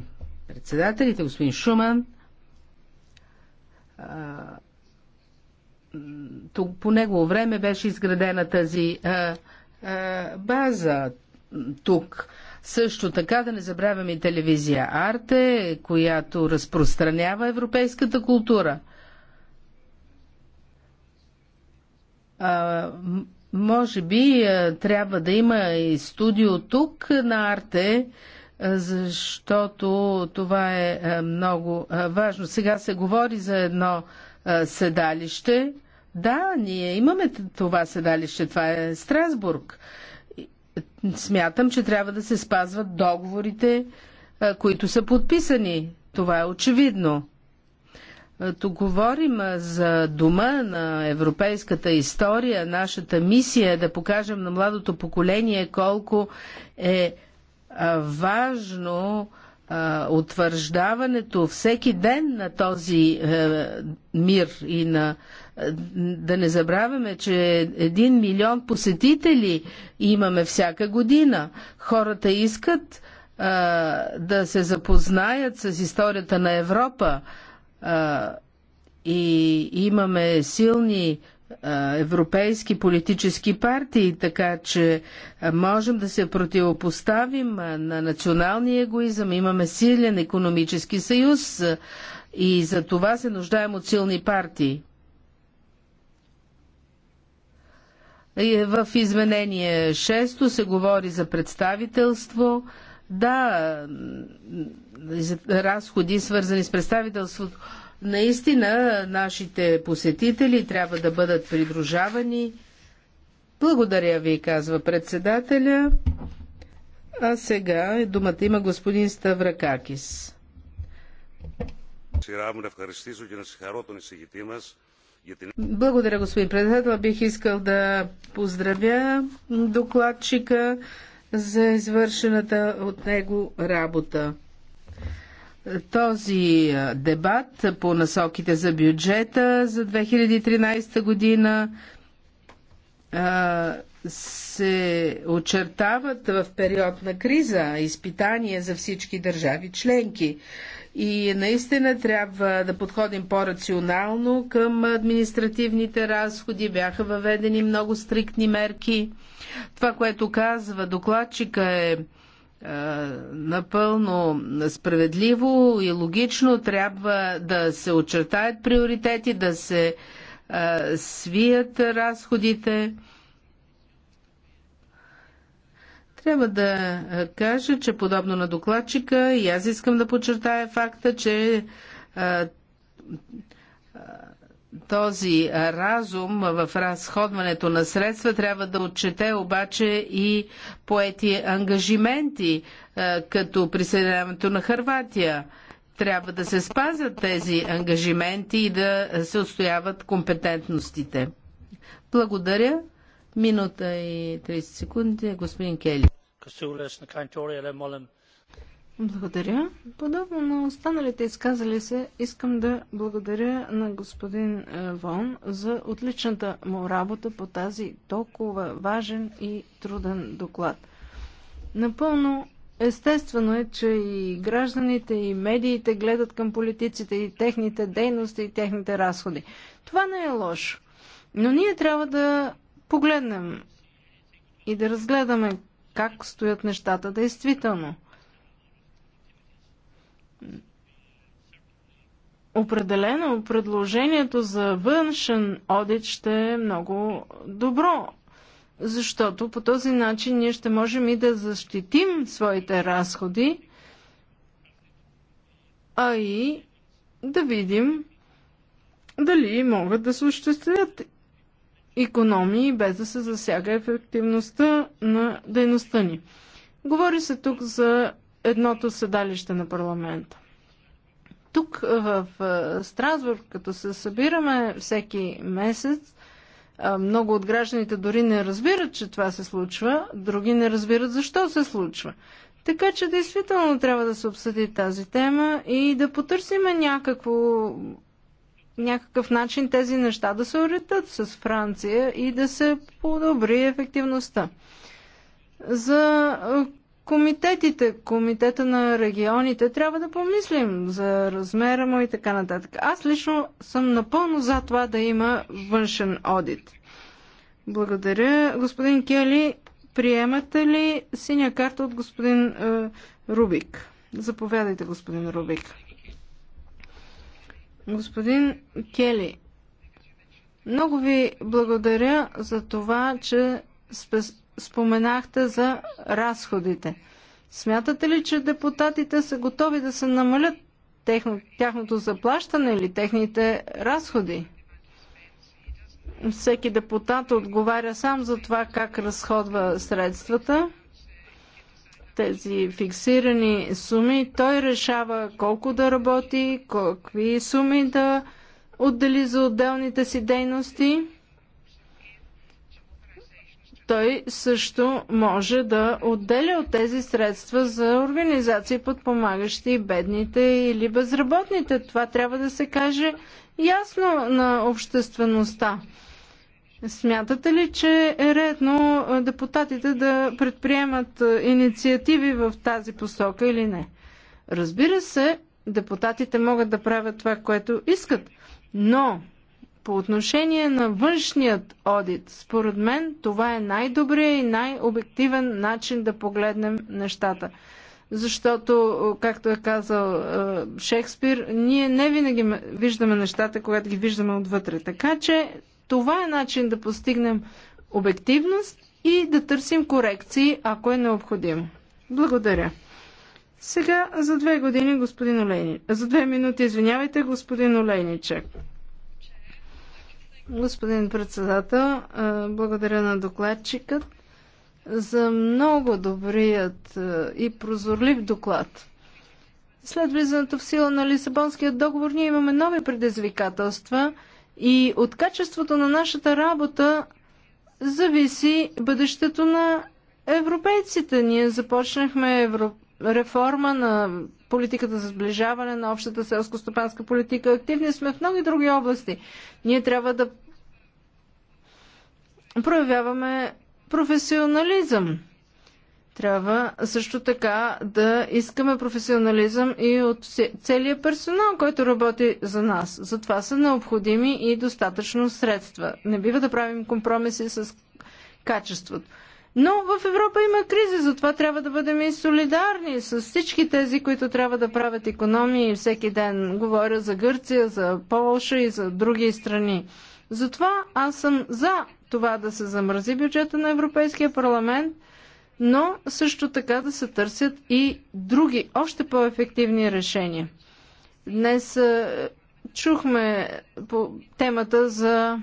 председателите, господин Шуман, а, по негово време беше изградена тази а, а, база тук. Също така да не забравяме и телевизия Арте, която разпространява европейската култура. А, може би трябва да има и студио тук на Арте, защото това е много важно. Сега се говори за едно седалище. Да, ние имаме това седалище, това е Страсбург смятам, че трябва да се спазват договорите, които са подписани. Това е очевидно. Тук говорим за дума на европейската история. Нашата мисия е да покажем на младото поколение колко е важно утвърждаването всеки ден на този е, мир и на да не забравяме, че един милион посетители имаме всяка година. Хората искат а, да се запознаят с историята на Европа а, и имаме силни европейски политически партии, така че можем да се противопоставим на националния егоизъм. Имаме силен економически съюз и за това се нуждаем от силни партии. Е в изменение 6 се говори за представителство. Да, разходи свързани с представителството. Наистина, нашите посетители трябва да бъдат придружавани. Благодаря ви, казва председателя. А сега думата има господин Ставракакис. Сирам да ευχαριστήσω και να συγχαρώ τον εισηγητή μας благодаря, господин председател. Бих искал да поздравя докладчика за извършената от него работа. Този дебат по насоките за бюджета за 2013 година се очертават в период на криза, изпитания за всички държави членки. И наистина трябва да подходим по-рационално към административните разходи. Бяха въведени много стриктни мерки. Това, което казва докладчика е, е напълно справедливо и логично. Трябва да се очертаят приоритети, да се е, свият разходите. Трябва да кажа, че подобно на докладчика, и аз искам да подчертая факта, че а, този разум в разходването на средства трябва да отчете обаче и поети ангажименти, а, като присъединяването на Харватия. Трябва да се спазят тези ангажименти и да се отстояват компетентностите. Благодаря. Минута и 30 секунди, господин Кели. Благодаря. Подобно на останалите изказали се, искам да благодаря на господин е, Вон за отличната му работа по тази толкова важен и труден доклад. Напълно естествено е, че и гражданите, и медиите гледат към политиците и техните дейности, и техните разходи. Това не е лошо. Но ние трябва да погледнем и да разгледаме как стоят нещата действително. Определено предложението за външен одит ще е много добро, защото по този начин ние ще можем и да защитим своите разходи, а и да видим дали могат да се осъществят економии, без да се засяга ефективността на дейността ни. Говори се тук за едното седалище на парламента. Тук в Страсбург, като се събираме всеки месец, много от гражданите дори не разбират, че това се случва, други не разбират защо се случва. Така че действително трябва да се обсъди тази тема и да потърсиме някакво някакъв начин тези неща да се уредят с Франция и да се подобри ефективността. За комитетите, комитета на регионите, трябва да помислим за размера му и така нататък. Аз лично съм напълно за това да има външен одит. Благодаря. Господин Кели, приемате ли синя карта от господин е, Рубик? Заповядайте, господин Рубик. Господин Кели, много ви благодаря за това, че споменахте за разходите. Смятате ли, че депутатите са готови да се намалят техно, тяхното заплащане или техните разходи? Всеки депутат отговаря сам за това как разходва средствата тези фиксирани суми, той решава колко да работи, какви суми да отдели за отделните си дейности. Той също може да отделя от тези средства за организации, подпомагащи бедните или безработните. Това трябва да се каже ясно на обществеността. Смятате ли, че е редно депутатите да предприемат инициативи в тази посока или не? Разбира се, депутатите могат да правят това, което искат, но по отношение на външният одит, според мен това е най-добрият и най-обективен начин да погледнем нещата. Защото, както е казал Шекспир, ние не винаги виждаме нещата, когато ги виждаме отвътре. Така че това е начин да постигнем обективност и да търсим корекции, ако е необходимо. Благодаря. Сега за две години господин Олени. За две минути, извинявайте, господин Олейничек. Господин председател, благодаря на докладчикът за много добрият и прозорлив доклад. След влизането в сила на Лисабонския договор ние имаме нови предизвикателства – и от качеството на нашата работа зависи бъдещето на европейците. Ние започнахме евро... реформа на политиката за сближаване, на общата селско-стопанска политика. Активни сме в много други области. Ние трябва да проявяваме професионализъм. Трябва също така да искаме професионализъм и от целият персонал, който работи за нас. Затова са необходими и достатъчно средства. Не бива да правим компромиси с качеството. Но в Европа има кризи, затова трябва да бъдем и солидарни с всички тези, които трябва да правят економии всеки ден. Говоря за Гърция, за Полша и за други страни. Затова аз съм за това да се замрази бюджета на Европейския парламент – но също така да се търсят и други, още по-ефективни решения. Днес е, чухме по темата за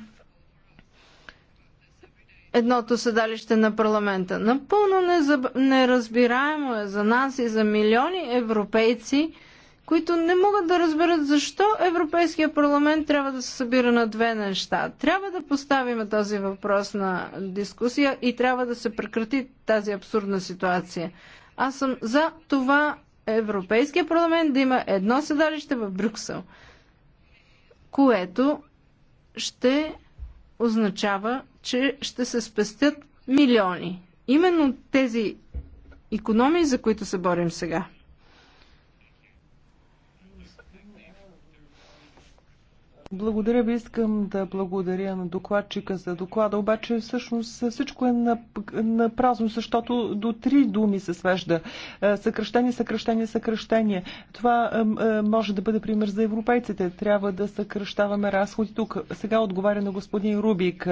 едното седалище на парламента. Напълно незаб... неразбираемо е за нас и за милиони европейци, които не могат да разберат защо Европейския парламент трябва да се събира на две неща. Трябва да поставим този въпрос на дискусия и трябва да се прекрати тази абсурдна ситуация. Аз съм за това Европейския парламент да има едно седалище в Брюксел, което ще означава, че ще се спестят милиони. Именно тези економии, за които се борим сега. Благодаря ви, искам да благодаря на докладчика за доклада, обаче всъщност всичко е на, на празно, защото до три думи се свежда. Е, съкръщение, съкръщение, съкръщение. Това е, е, може да бъде пример за европейците. Трябва да съкръщаваме разходи тук. Сега отговаря на господин Рубик.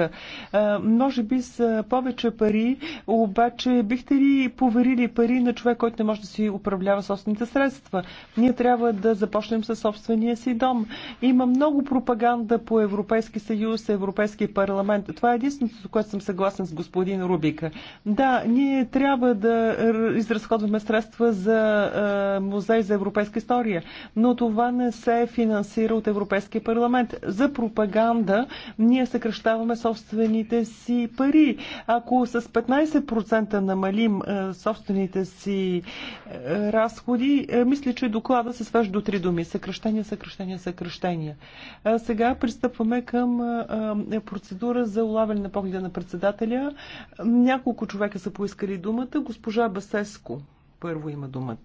Може би с повече пари, обаче бихте ли поверили пари на човек, който не може да си управлява собствените средства? Ние трябва да започнем със собствения си дом. Има много проблеми пропаганда по Европейски съюз, Европейски парламент. Това е единственото, което съм съгласен с господин Рубика. Да, ние трябва да изразходваме средства за е, музей за европейска история, но това не се финансира от Европейския парламент. За пропаганда ние съкръщаваме собствените си пари. Ако с 15% намалим е, собствените си е, разходи, мисля, че доклада се свежда до три думи. Съкръщения, съкръщения, съкръщения сега пристъпваме към процедура за улавяне на погледа на председателя. Няколко човека са поискали думата. Госпожа Басеско първо има думата.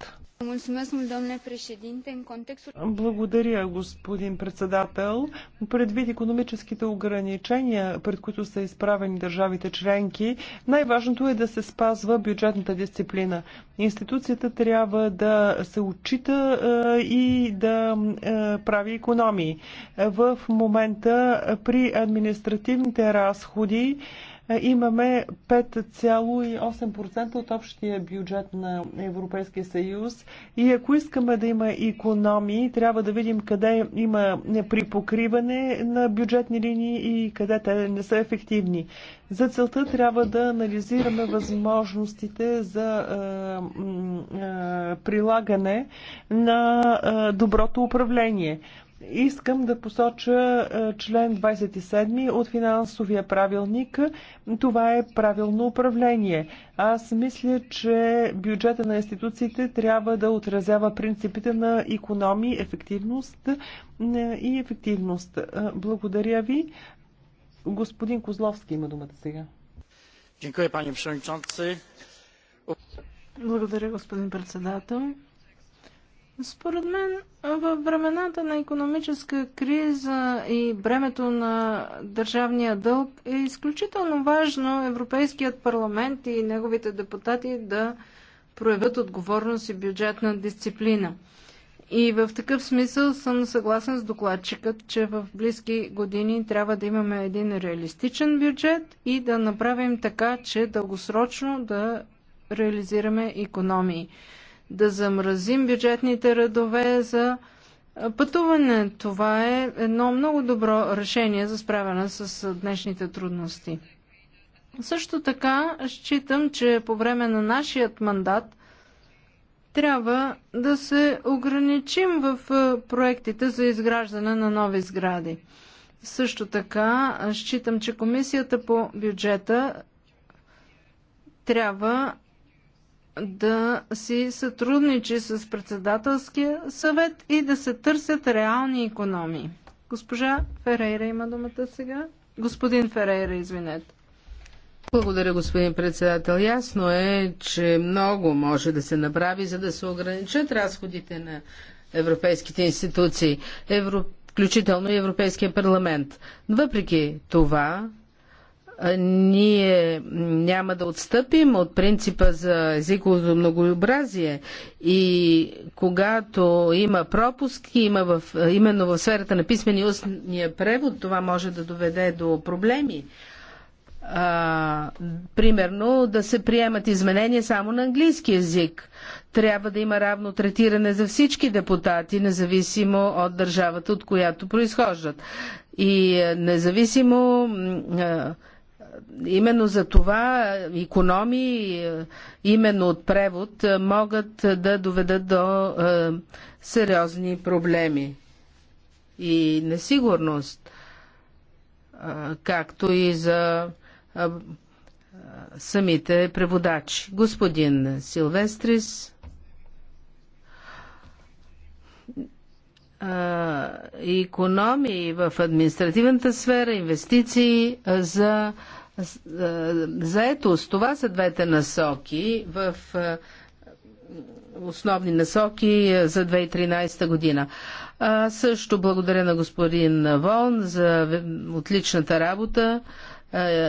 Благодаря, господин председател. Предвид економическите ограничения, пред които са изправени държавите членки, най-важното е да се спазва бюджетната дисциплина. Институцията трябва да се отчита е, и да е, прави економии. В момента при административните разходи е, имаме 5,8% от общия бюджет на Европейския съюз и ако искаме да има економии, трябва да видим къде има неприпокриване на бюджетни линии и къде те не са ефективни. За целта трябва да анализираме възможностите за е, е, прилагане на доброто управление. Искам да посоча е, член 27 от финансовия правилник. Това е правилно управление. Аз мисля, че бюджета на институциите трябва да отразява принципите на економи, ефективност е, и ефективност. Е, благодаря ви. Господин Козловски има думата сега. Благодаря, господин председател. Според мен, във времената на економическа криза и бремето на държавния дълг е изключително важно Европейският парламент и неговите депутати да проявят отговорност и бюджетна дисциплина. И в такъв смисъл съм съгласен с докладчикът, че в близки години трябва да имаме един реалистичен бюджет и да направим така, че дългосрочно да реализираме економии да замразим бюджетните редове за пътуване. Това е едно много добро решение за справяне с днешните трудности. Също така считам, че по време на нашият мандат трябва да се ограничим в проектите за изграждане на нови сгради. Също така считам, че комисията по бюджета трябва да си сътрудничи с председателския съвет и да се търсят реални економии. Госпожа Ферейра има думата сега. Господин Ферейра, извинете. Благодаря, господин председател. Ясно е, че много може да се направи, за да се ограничат разходите на европейските институции, евро... включително и Европейския парламент. Въпреки това, ние няма да отстъпим от принципа за езиковото многообразие и когато има пропуски, има в, именно в сферата на писмения устния превод, това може да доведе до проблеми. А, примерно да се приемат изменения само на английски язик. Трябва да има равно третиране за всички депутати, независимо от държавата, от която произхождат. И независимо а, именно за това економии, именно от превод, могат да доведат до е, сериозни проблеми и несигурност, е, както и за е, самите преводачи. Господин Силвестрис економии в административната сфера, инвестиции за заетост. Това са двете насоки в основни насоки за 2013 година. А, също благодаря на господин Вон за отличната работа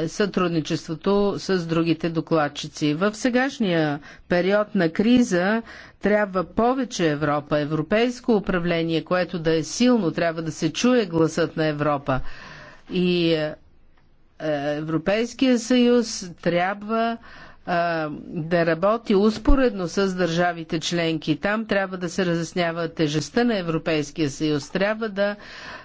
сътрудничеството с другите докладчици. В сегашния период на криза трябва повече Европа, европейско управление, което да е силно, трябва да се чуе гласът на Европа. И Европейския съюз трябва да работи успоредно с държавите членки. Там трябва да се разяснява тежестта на Европейския съюз. Трябва да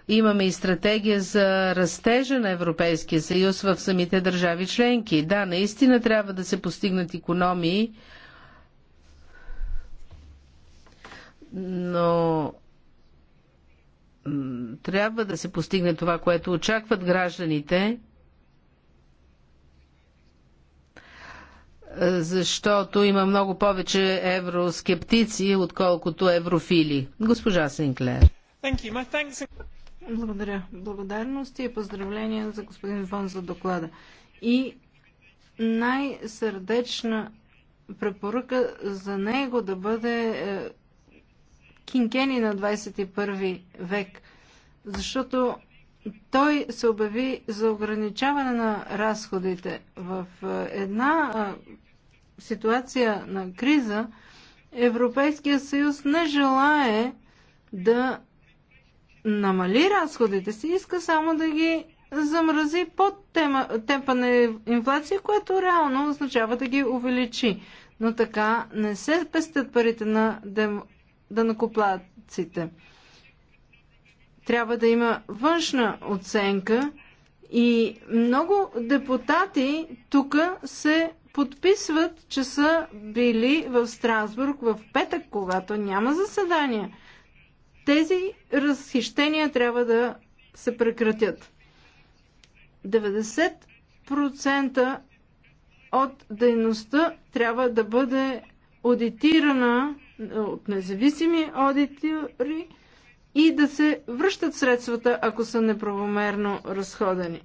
имаме и стратегия за растежа на Европейския съюз в самите държави членки. Да, наистина трябва да се постигнат економии, но трябва да се постигне това, което очакват гражданите защото има много повече евроскептици, отколкото еврофили. Госпожа Синклер. Благодаря. Благодарности и поздравления за господин Вон за доклада. И най-сърдечна препоръка за него да бъде е, Кинкени на 21 век, защото той се обяви за ограничаване на разходите в е, една е, ситуация на криза, Европейския съюз не желае да намали разходите си, иска само да ги замрази под тема, темпа на инфлация, което реално означава да ги увеличи. Но така не се пестят парите на данакоплаците. Да Трябва да има външна оценка и много депутати тук се подписват, че са били в Страсбург в петък, когато няма заседания. Тези разхищения трябва да се прекратят. 90% от дейността трябва да бъде аудитирана от независими аудитори и да се връщат средствата, ако са неправомерно разходени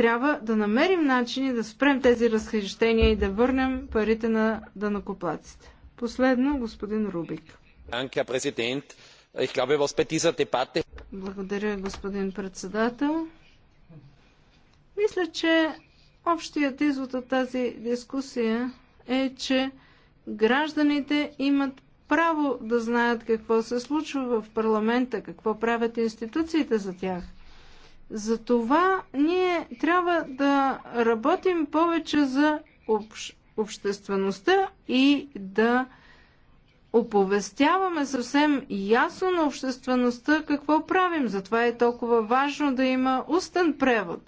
трябва да намерим начини да спрем тези разхищения и да върнем парите на данакоплаците. Последно, господин Рубик. Благодаря, господин председател. Мисля, че общият извод от тази дискусия е, че гражданите имат право да знаят какво се случва в парламента, какво правят институциите за тях – затова ние трябва да работим повече за общ, обществеността и да оповестяваме съвсем ясно на обществеността какво правим. Затова е толкова важно да има устен превод.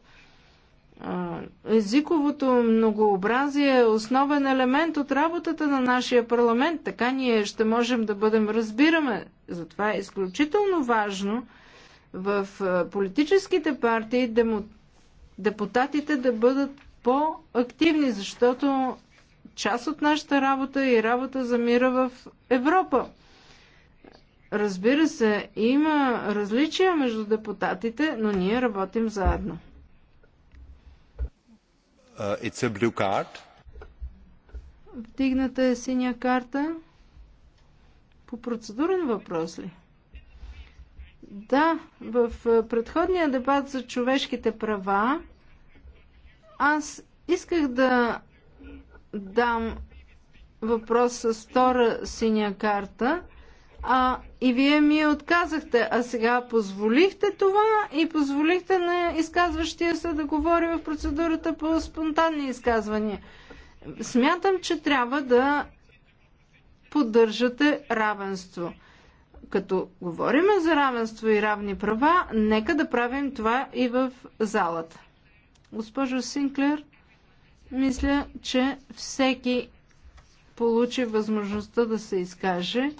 Езиковото многообразие е основен елемент от работата на нашия парламент. Така ние ще можем да бъдем разбираме. Затова е изключително важно – в политическите партии демо... депутатите да бъдат по-активни, защото част от нашата работа и работа за мира в Европа. Разбира се, има различия между депутатите, но ние работим заедно. Uh, it's a blue card. Вдигната е синя карта. По процедурен въпрос ли? Да, в предходния дебат за човешките права аз исках да дам въпрос с втора синя карта, а, и вие ми отказахте. А сега позволихте това и позволихте на изказващия се да говори в процедурата по спонтанни изказвания. Смятам, че трябва да поддържате равенство като говорим за равенство и равни права, нека да правим това и в залата. Госпожо Синклер, мисля, че всеки получи възможността да се изкаже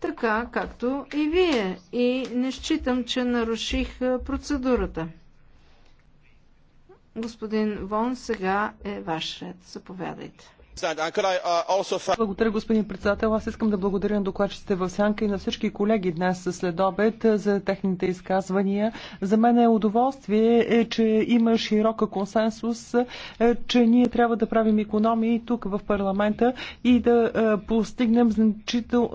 така, както и вие. И не считам, че наруших процедурата. Господин Вон, сега е ваш ред. Заповядайте. Uh, uh, благодаря, господин председател. Аз искам да благодаря на докладчиците в Сянка и на всички колеги днес след обед за техните изказвания. За мен е удоволствие, е, че има широка консенсус, е, че ние трябва да правим економии тук в парламента и да е, постигнем значител,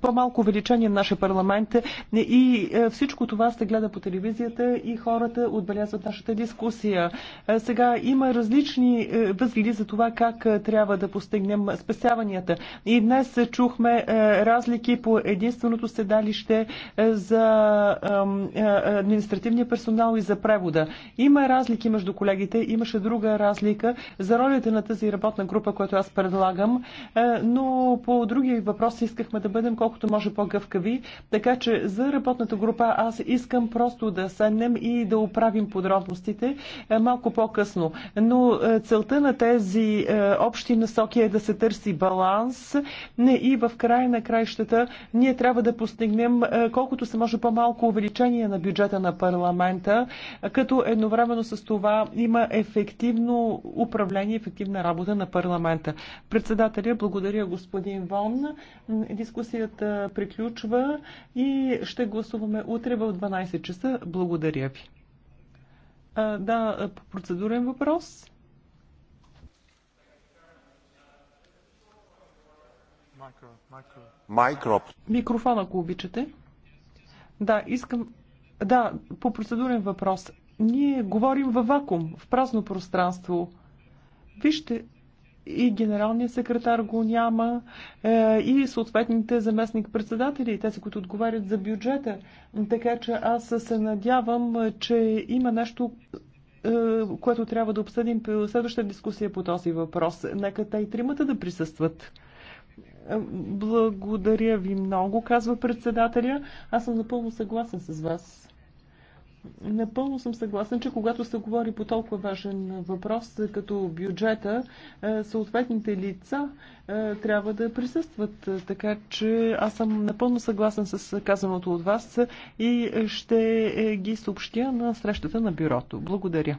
по-малко увеличение на нашия парламент. И всичко това се гледа по телевизията и хората отбелязват нашата дискусия. Сега има различни възгледи за това как трябва да постигнем спасяванията. И днес чухме е, разлики по единственото седалище е, за е, административния персонал и за превода. Има разлики между колегите, имаше друга разлика за ролята на тази работна група, която аз предлагам, но по други въпроси искахме да бъдем колкото може по-гъвкави, така че за работната група аз искам просто да седнем и да оправим подробностите малко по-късно. Но целта на тези общи общи насоки е да се търси баланс и в края на краищата ние трябва да постигнем е, колкото се може по-малко увеличение на бюджета на парламента, като едновременно с това има ефективно управление, ефективна работа на парламента. Председателя, благодаря господин Вон. Дискусията приключва и ще гласуваме утре в 12 часа. Благодаря ви. да, по процедурен въпрос. Микро. Микрофон, ако обичате. Да, искам... Да, по процедурен въпрос. Ние говорим във вакуум, в празно пространство. Вижте, и генералният секретар го няма, е, и съответните заместник-председатели, тези, които отговарят за бюджета. Така че аз се надявам, че има нещо, е, което трябва да обсъдим при следващата дискусия по този въпрос. Нека те и тримата да присъстват. Благодаря ви много, казва председателя. Аз съм напълно съгласен с вас. Напълно съм съгласен, че когато се говори по толкова важен въпрос като бюджета, е, съответните лица е, трябва да присъстват. Така че аз съм напълно съгласен с казаното от вас и ще е, ги съобщя на срещата на бюрото. Благодаря.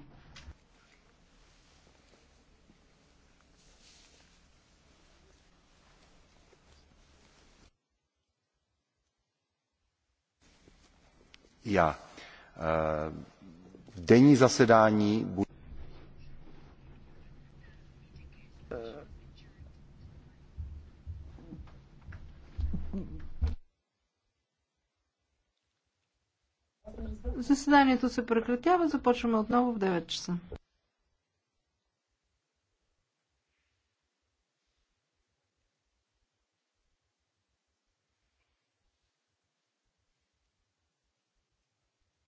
já. Eh, denní zasedání bude Заседанието се прекратява. Започваме отново в 9 часа.